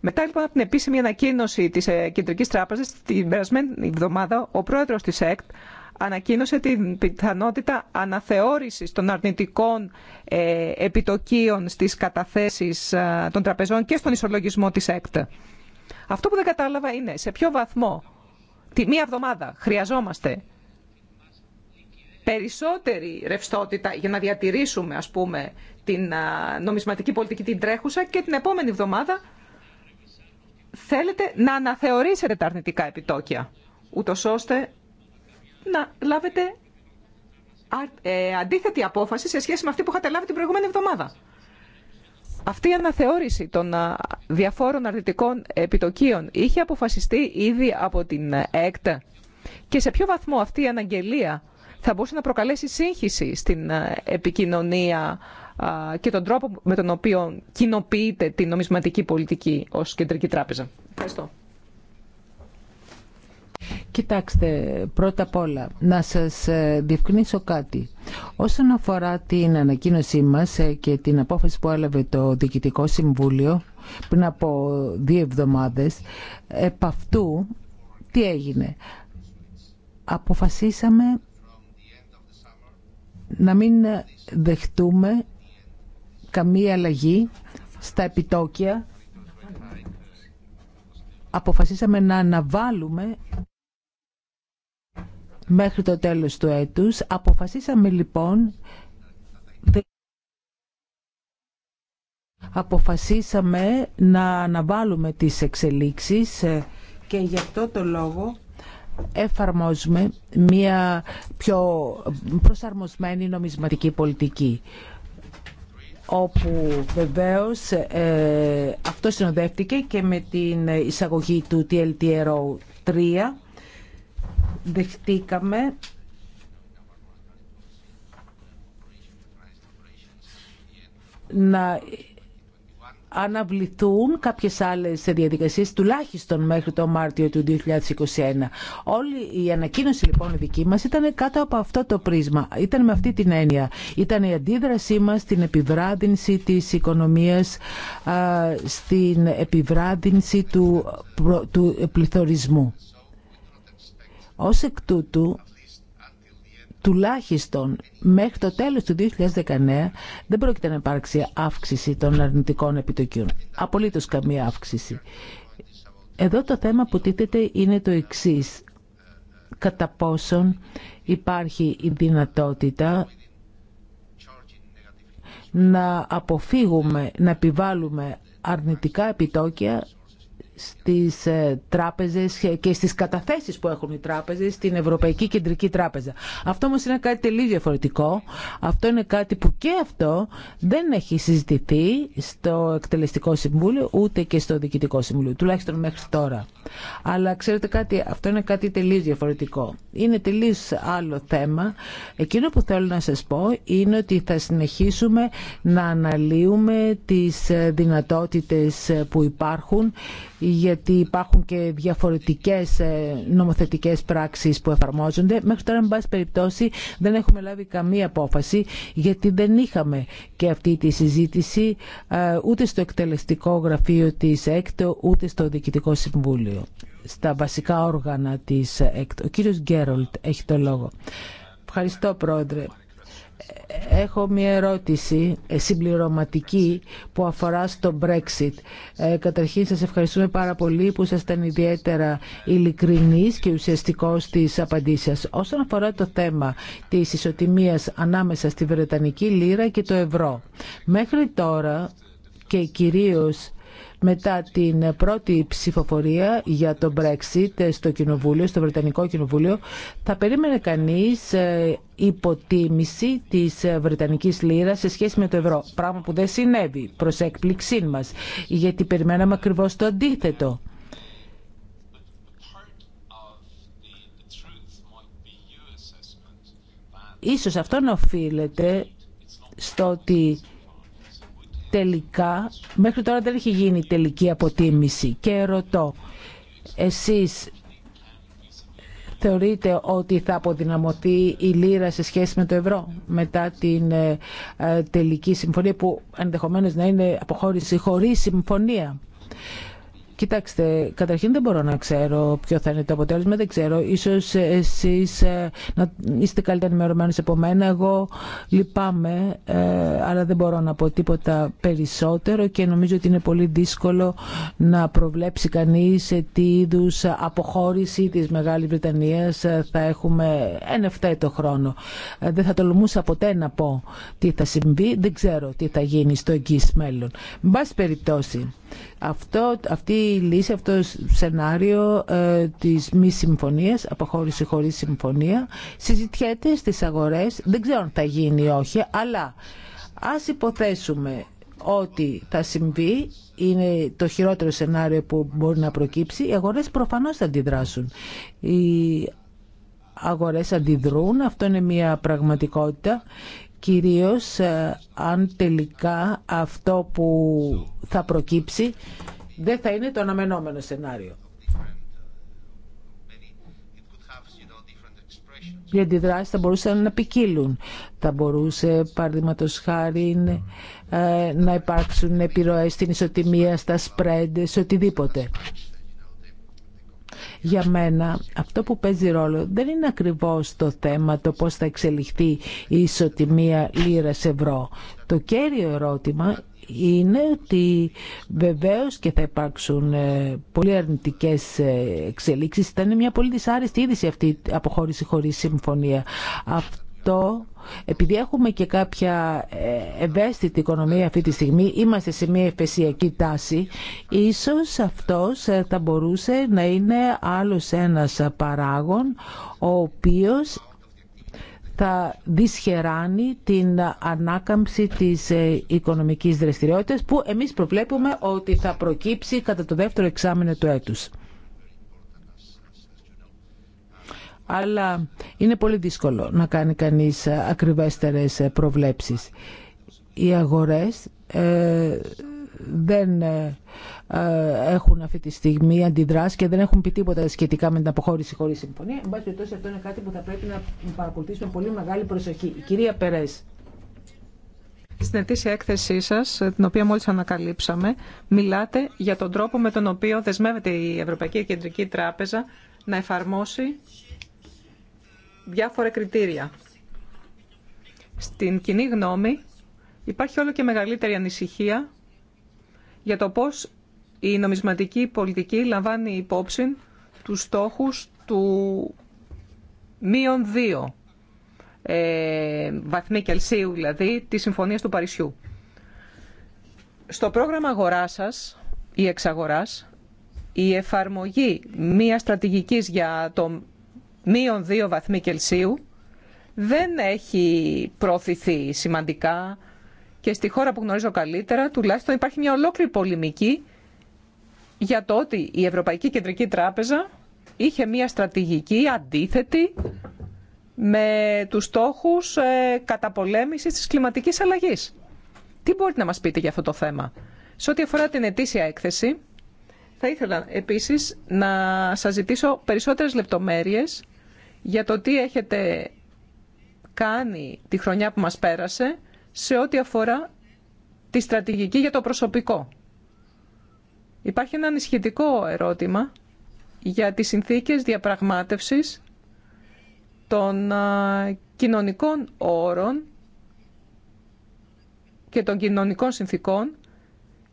Μετά λοιπόν από την επίσημη ανακοίνωση της ε, Κεντρικής Τράπεζας την περασμένη εβδομάδα ο πρόεδρος της ΕΚΤ ανακοίνωσε την πιθανότητα αναθεώρησης των αρνητικών ε, επιτοκίων στις καταθέσεις ε, των τραπεζών και στον ισολογισμό της ΕΚΤ. Αυτό που δεν κατάλαβα είναι σε ποιο βαθμό τη μία εβδομάδα χρειαζόμαστε περισσότερη ρευστότητα για να διατηρήσουμε ας πούμε την νομισματική πολιτική την τρέχουσα και την επόμενη εβδομάδα θέλετε να αναθεωρήσετε τα αρνητικά επιτόκια, ούτω ώστε να λάβετε ε, αντίθετη απόφαση σε σχέση με αυτή που είχατε λάβει την προηγούμενη εβδομάδα. Αυτή η αναθεώρηση των διαφόρων αρνητικών επιτοκίων είχε αποφασιστεί ήδη από την ΕΚΤ και σε ποιο βαθμό αυτή η αναγγελία θα μπορούσε να προκαλέσει σύγχυση στην επικοινωνία και τον τρόπο με τον οποίο κοινοποιείται την νομισματική πολιτική ως κεντρική τράπεζα. Ευχαριστώ. Κοιτάξτε, πρώτα απ' όλα να σας ε, διευκρινίσω κάτι. Όσον αφορά την ανακοίνωσή μας ε, και την απόφαση που έλαβε το Διοικητικό Συμβούλιο πριν από δύο εβδομάδες, επ' αυτού τι έγινε. Αποφασίσαμε να μην δεχτούμε καμία αλλαγή στα επιτόκια. Αποφασίσαμε να αναβάλουμε μέχρι το τέλος του έτους. Αποφασίσαμε λοιπόν αποφασίσαμε να αναβάλουμε τις εξελίξεις ε, και γι' αυτό το λόγο εφαρμόζουμε μια πιο προσαρμοσμένη νομισματική πολιτική όπου βεβαίως ε, αυτό συνοδεύτηκε και με την εισαγωγή του TLTRO 3 δεχτήκαμε να αναβληθούν κάποιες άλλες διαδικασίες τουλάχιστον μέχρι το Μάρτιο του 2021. Όλη η ανακοίνωση λοιπόν δική μας ήταν κάτω από αυτό το πρίσμα. Ήταν με αυτή την έννοια. Ήταν η αντίδρασή μας στην επιβράδυνση της οικονομίας, στην επιβράδυνση του πληθωρισμού. Ως εκ τούτου τουλάχιστον μέχρι το τέλος του 2019 δεν πρόκειται να υπάρξει αύξηση των αρνητικών επιτοκίων. Απολύτως καμία αύξηση. Εδώ το θέμα που τίθεται είναι το εξής. Κατά πόσον υπάρχει η δυνατότητα να αποφύγουμε, να επιβάλλουμε αρνητικά επιτόκια στις ε, τράπεζες και στις καταθέσεις που έχουν οι τράπεζες στην Ευρωπαϊκή Κεντρική Τράπεζα. Αυτό όμως είναι κάτι τελείως διαφορετικό. Αυτό είναι κάτι που και αυτό δεν έχει συζητηθεί στο Εκτελεστικό Συμβούλιο ούτε και στο Διοικητικό Συμβούλιο, τουλάχιστον μέχρι τώρα. Αλλά ξέρετε κάτι, αυτό είναι κάτι τελείως διαφορετικό. Είναι τελείως άλλο θέμα. Εκείνο που θέλω να σας πω είναι ότι θα συνεχίσουμε να αναλύουμε τις ε, δυνατότητες ε, που υπάρχουν γιατί υπάρχουν και διαφορετικές ε, νομοθετικές πράξεις που εφαρμόζονται. Μέχρι τώρα, εν πάση περιπτώσει, δεν έχουμε λάβει καμία απόφαση, γιατί δεν είχαμε και αυτή τη συζήτηση ε, ούτε στο εκτελεστικό γραφείο της ΕΚΤΟ, ούτε στο Διοικητικό Συμβούλιο, στα βασικά όργανα της ΕΚΤΟ. Ο κύριος Γκέρολτ έχει το λόγο. Ευχαριστώ, Πρόεδρε. Έχω μια ερώτηση ε, συμπληρωματική που αφορά στο Brexit. Ε, καταρχήν σας ευχαριστούμε πάρα πολύ που ήσασταν ιδιαίτερα ειλικρινής και ουσιαστικός της απαντήσεις Όσον αφορά το θέμα της ισοτιμίας ανάμεσα στη Βρετανική Λίρα και το Ευρώ. Μέχρι τώρα και κυρίως μετά την πρώτη ψηφοφορία για το Brexit στο Κοινοβούλιο, στο Βρετανικό Κοινοβούλιο, θα περίμενε κανείς ε, υποτίμηση της Βρετανικής λίρας σε σχέση με το ευρώ. Πράγμα που δεν συνέβη προς έκπληξή μας, γιατί περιμέναμε ακριβώς το αντίθετο. Ίσως αυτό να οφείλεται στο ότι τελικά, μέχρι τώρα δεν έχει γίνει τελική αποτίμηση και ρωτώ, εσείς θεωρείτε ότι θα αποδυναμωθεί η λίρα σε σχέση με το ευρώ μετά την ε, ε, τελική συμφωνία που ενδεχομένως να είναι αποχώρηση χωρίς συμφωνία. Κοιτάξτε, καταρχήν δεν μπορώ να ξέρω ποιο θα είναι το αποτέλεσμα, δεν ξέρω. Ίσως εσείς ε, να είστε καλύτερα ενημερωμένοι από μένα. Εγώ λυπάμαι, ε, αλλά δεν μπορώ να πω τίποτα περισσότερο και νομίζω ότι είναι πολύ δύσκολο να προβλέψει κανείς τι είδου αποχώρηση της μεγάλη Βρετανίας ε, θα έχουμε εν το χρόνο. Δεν θα τολμούσα ποτέ να πω τι θα συμβεί, δεν ξέρω τι θα γίνει στο εγγύς μέλλον. Μπα περιπτώσει, αυτό, αυτή η λύση, αυτό το σενάριο ε, της μη συμφωνίας, αποχώρηση χωρίς συμφωνία, συζητιέται στις αγορές, δεν ξέρω αν θα γίνει ή όχι, αλλά ας υποθέσουμε ότι θα συμβεί, είναι το χειρότερο σενάριο που μπορεί να προκύψει, οι αγορές προφανώς θα αντιδράσουν. Οι αγορές αντιδρούν, αυτό είναι μια πραγματικότητα κυρίως ε, αν τελικά αυτό που θα προκύψει δεν θα είναι το αναμενόμενο σενάριο. Οι αντιδράσει θα μπορούσαν να ποικίλουν. Θα μπορούσε, παραδείγματο χάρη, ε, να υπάρξουν επιρροέ στην ισοτιμία, στα σπρέντε, σε οτιδήποτε. Για μένα αυτό που παίζει ρόλο δεν είναι ακριβώς το θέμα το πώς θα εξελιχθεί η ισοτιμία λίρας ευρώ. Το κέριο ερώτημα είναι ότι βεβαίως και θα υπάρξουν ε, πολύ αρνητικές ε, εξελίξεις. Ήταν μια πολύ δυσάρεστη είδηση αυτή η αποχώρηση χωρίς συμφωνία επειδή έχουμε και κάποια ε, ευαίσθητη οικονομία αυτή τη στιγμή, είμαστε σε μια εφεσιακή τάση, ίσως αυτός ε, θα μπορούσε να είναι άλλος ένας παράγων, ο οποίος θα δυσχεράνει την ανάκαμψη της ε, οικονομικής δραστηριότητας που εμείς προβλέπουμε ότι θα προκύψει κατά το δεύτερο εξάμεινο του έτους. αλλά είναι πολύ δύσκολο να κάνει κανείς ακριβέστερες προβλέψεις. Οι αγορές ε, δεν ε, ε, έχουν αυτή τη στιγμή αντιδράσει και δεν έχουν πει τίποτα σχετικά με την αποχώρηση χωρίς συμφωνία. Εν πάση περιπτώσει αυτό είναι κάτι που θα πρέπει να παρακολουθήσουμε πολύ μεγάλη προσοχή. Η κυρία Περές. Στην ετήσια έκθεσή σα, την οποία μόλι ανακαλύψαμε, μιλάτε για τον τρόπο με τον οποίο δεσμεύεται η Ευρωπαϊκή Κεντρική Τράπεζα να εφαρμόσει διάφορα κριτήρια. Στην κοινή γνώμη υπάρχει όλο και μεγαλύτερη ανησυχία για το πώς η νομισματική πολιτική λαμβάνει υπόψη τους στόχους του μείον δύο ε, βαθμοί Κελσίου, δηλαδή, τη Συμφωνίας του Παρισιού. Στο πρόγραμμα αγορά σα ή εξαγοράτη η εφαρμογή μία στρατηγικής για το μείον δύο βαθμοί Κελσίου, δεν έχει προωθηθεί σημαντικά και στη χώρα που γνωρίζω καλύτερα, τουλάχιστον υπάρχει μια ολόκληρη πολεμική για το ότι η Ευρωπαϊκή Κεντρική Τράπεζα είχε μια στρατηγική αντίθετη με τους στόχους ε, καταπολέμησης της κλιματικής αλλαγής. Τι μπορείτε να μας πείτε για αυτό το θέμα. Σε ό,τι αφορά την ετήσια έκθεση, θα ήθελα επίσης να σας ζητήσω περισσότερες λεπτομέρειες για το τι έχετε κάνει τη χρονιά που μας πέρασε σε ό,τι αφορά τη στρατηγική για το προσωπικό. Υπάρχει ένα ανισχυτικό ερώτημα για τις συνθήκες διαπραγμάτευσης των κοινωνικών όρων και των κοινωνικών συνθήκων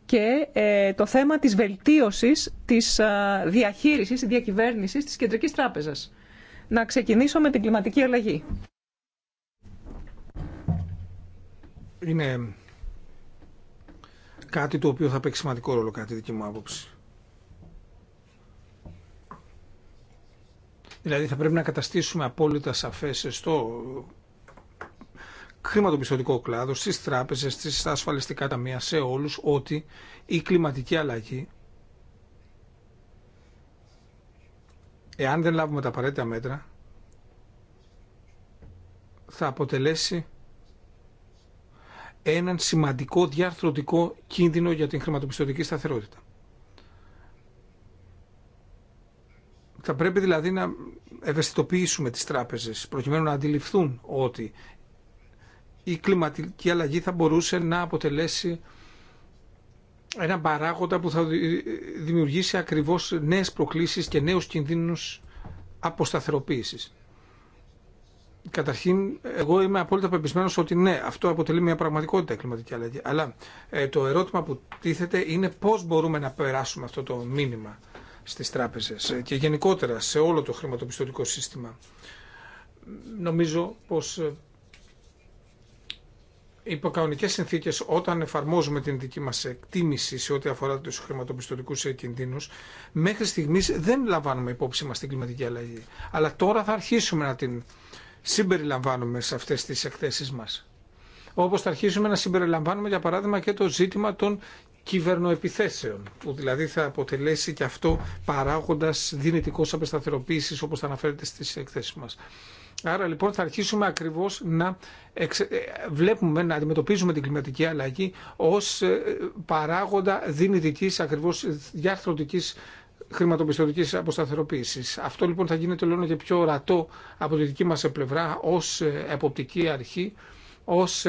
και ε, το θέμα της βελτίωσης της διαχείρισης, της διακυβέρνησης της Κεντρικής Τράπεζας να ξεκινήσω με την κλιματική αλλαγή. Είναι κάτι το οποίο θα παίξει σημαντικό ρόλο, κατά τη δική μου άποψη. Δηλαδή θα πρέπει να καταστήσουμε απόλυτα σαφές στο χρηματοπιστωτικό κλάδο, στις τράπεζες, στις ασφαλιστικά ταμεία, σε όλους, ότι η κλιματική αλλαγή εάν δεν λάβουμε τα απαραίτητα μέτρα, θα αποτελέσει έναν σημαντικό διαρθρωτικό κίνδυνο για την χρηματοπιστωτική σταθερότητα. Θα πρέπει δηλαδή να ευαισθητοποιήσουμε τις τράπεζες προκειμένου να αντιληφθούν ότι η κλιματική αλλαγή θα μπορούσε να αποτελέσει ένα παράγοντα που θα δημιουργήσει ακριβώς νέες προκλήσεις και νέους κινδύνους αποσταθεροποίησης. Καταρχήν, εγώ είμαι απόλυτα πεπισμένος ότι ναι, αυτό αποτελεί μια πραγματικότητα η κλιματική αλλαγή. Αλλά ε, το ερώτημα που τίθεται είναι πώς μπορούμε να περάσουμε αυτό το μήνυμα στις τράπεζες ε, και γενικότερα σε όλο το χρηματοπιστωτικό σύστημα. Νομίζω πως ε, υπό κανονικέ συνθήκε, όταν εφαρμόζουμε την δική μα εκτίμηση σε ό,τι αφορά του χρηματοπιστωτικού κινδύνου, μέχρι στιγμή δεν λαμβάνουμε υπόψη μα την κλιματική αλλαγή. Αλλά τώρα θα αρχίσουμε να την συμπεριλαμβάνουμε σε αυτέ τι εκθέσει μα. Όπω θα αρχίσουμε να συμπεριλαμβάνουμε, για παράδειγμα, και το ζήτημα των κυβερνοεπιθέσεων, που δηλαδή θα αποτελέσει και αυτό παράγοντα δυνητικό απεσταθεροποίηση, όπω θα αναφέρεται στι εκθέσει μα. Άρα λοιπόν θα αρχίσουμε ακριβώς να ε, βλέπουμε, να αντιμετωπίζουμε την κλιματική αλλαγή ως ε, παράγοντα δυνητικής, ακριβώς διαρθρωτικής χρηματοπιστωτικής αποσταθεροποίησης. Αυτό λοιπόν θα γίνεται λόγω και πιο ορατό από τη δική μας πλευρά ως ε, εποπτική αρχή, ως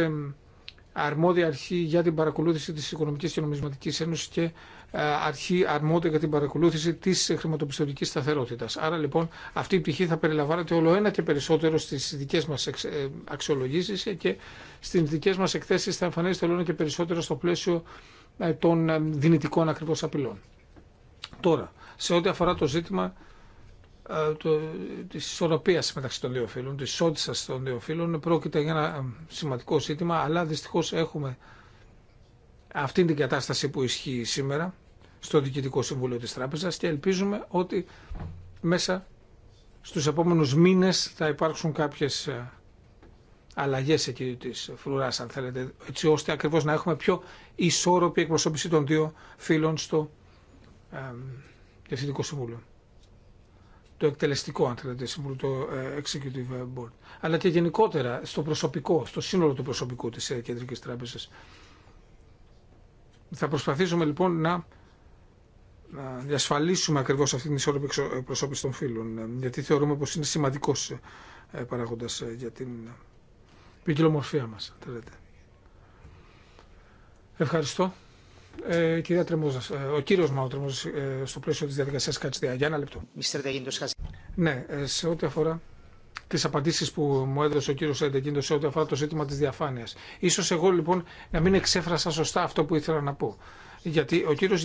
αρμόδια αρχή για την παρακολούθηση της Οικονομικής και Νομισματικής Ένωσης και ε, αρχή αρμόδια για την παρακολούθηση τη χρηματοπιστωτική σταθερότητα. Άρα λοιπόν αυτή η πτυχή θα περιλαμβάνεται όλο ένα και περισσότερο στι δικέ μα ε, αξιολογήσει και στι δικέ μα εκθέσει θα εμφανίζεται όλο ένα και περισσότερο στο πλαίσιο ε, των δυνητικών ακριβώ απειλών. Τώρα, σε ό,τι αφορά το ζήτημα τη της μεταξύ των δύο φύλων, τη ισότητα των δύο φύλων, πρόκειται για ένα σημαντικό ζήτημα, αλλά δυστυχώ έχουμε αυτή την κατάσταση που ισχύει σήμερα στο Διοικητικό Συμβούλιο της Τράπεζας και ελπίζουμε ότι μέσα στους επόμενους μήνες θα υπάρξουν κάποιες ε, αλλαγές εκεί της φρουράς αν θέλετε, έτσι ώστε ακριβώς να έχουμε πιο ισόρροπη εκπροσώπηση των δύο φίλων στο ε, Συμβούλιο. Το εκτελεστικό, αν θέλετε, συμβούλιο, το ε, Executive Board. Αλλά και γενικότερα στο προσωπικό, στο σύνολο του προσωπικού της ε, Κεντρικής Τράπεζας. Θα προσπαθήσουμε λοιπόν να να διασφαλίσουμε ακριβώ αυτή την ισόρροπη εκπροσώπηση των φύλων. Ε, γιατί θεωρούμε πω είναι σημαντικό ε, παράγοντα ε, για την ποικιλομορφία μα. Ευχαριστώ. Ε, κυρία Τρεμόζας, ο κύριο Μάου στο πλαίσιο τη Διαδικασία Κατσδιά. Για ένα λεπτό. Ναι, σε ό,τι αφορά τι απαντήσει που μου έδωσε ο κύριο Εντεκίνητο σε ό,τι αφορά το ζήτημα τη διαφάνεια. σω εγώ λοιπόν να μην εξέφρασα σωστά αυτό που ήθελα να πω γιατί ο κύριο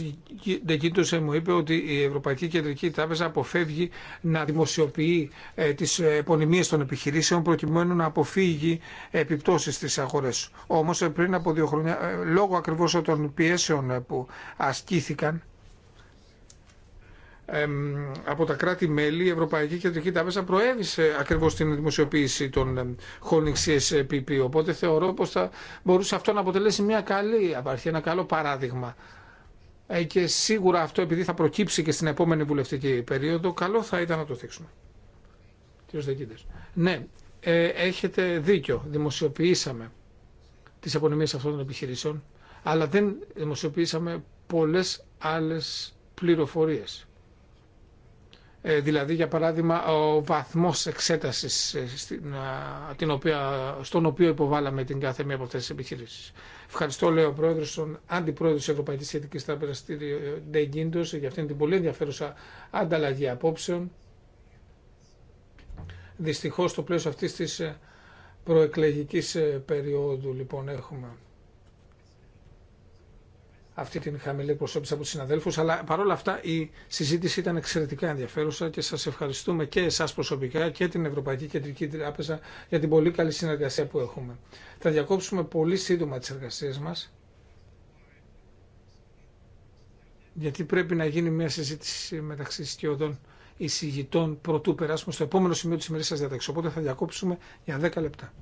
Ντεκίντος μου είπε ότι η Ευρωπαϊκή Κεντρική Τράπεζα αποφεύγει να δημοσιοποιεί ε, τις ε, επωνυμίε των επιχειρήσεων προκειμένου να αποφύγει επιπτώσεις στις αγορέ. Όμως ε, πριν από δύο χρόνια, λόγω ακριβώς των πιέσεων που ασκήθηκαν από τα κράτη-μέλη, η Ευρωπαϊκή Κεντρική Τράπεζα προέβησε ακριβώς την δημοσιοποίηση των holding CSPP. Ε, Οπότε θεωρώ πως θα μπορούσε αυτό να αποτελέσει μια καλή απαρχή, ένα καλό παράδειγμα. Ε, και σίγουρα αυτό επειδή θα προκύψει και στην επόμενη βουλευτική περίοδο, καλό θα ήταν να το θίξουμε. Κύριος Δεκίδε. Ναι, ε, έχετε δίκιο. Δημοσιοποιήσαμε τις απονομίες αυτών των επιχειρήσεων, αλλά δεν δημοσιοποιήσαμε πολλές άλλες πληροφορίες. Ε, δηλαδή για παράδειγμα ο βαθμός εξέτασης ε, την οποία, στον οποίο υποβάλαμε την κάθε μία από αυτές τις επιχειρήσεις. Ευχαριστώ λέει ο Πρόεδρος, τον Αντιπρόεδρο της Ευρωπαϊκής Σχετικής Τράπεζας ε, Ντεγκίντος για αυτήν την πολύ ενδιαφέρουσα ανταλλαγή απόψεων. Δυστυχώς στο πλαίσιο αυτής της προεκλεγικής περίοδου λοιπόν έχουμε αυτή την χαμηλή προσώπηση από του συναδέλφου. αλλά παρόλα αυτά η συζήτηση ήταν εξαιρετικά ενδιαφέρουσα και σα ευχαριστούμε και εσά προσωπικά και την Ευρωπαϊκή Κεντρική Τράπεζα για την πολύ καλή συνεργασία που έχουμε. Θα διακόψουμε πολύ σύντομα τις εργασίε μα. γιατί πρέπει να γίνει μια συζήτηση μεταξύ σκιωδών εισηγητών πρωτού περάσουμε στο επόμενο σημείο τη ημερής σα διαταξής. Οπότε θα διακόψουμε για 10 λεπτά.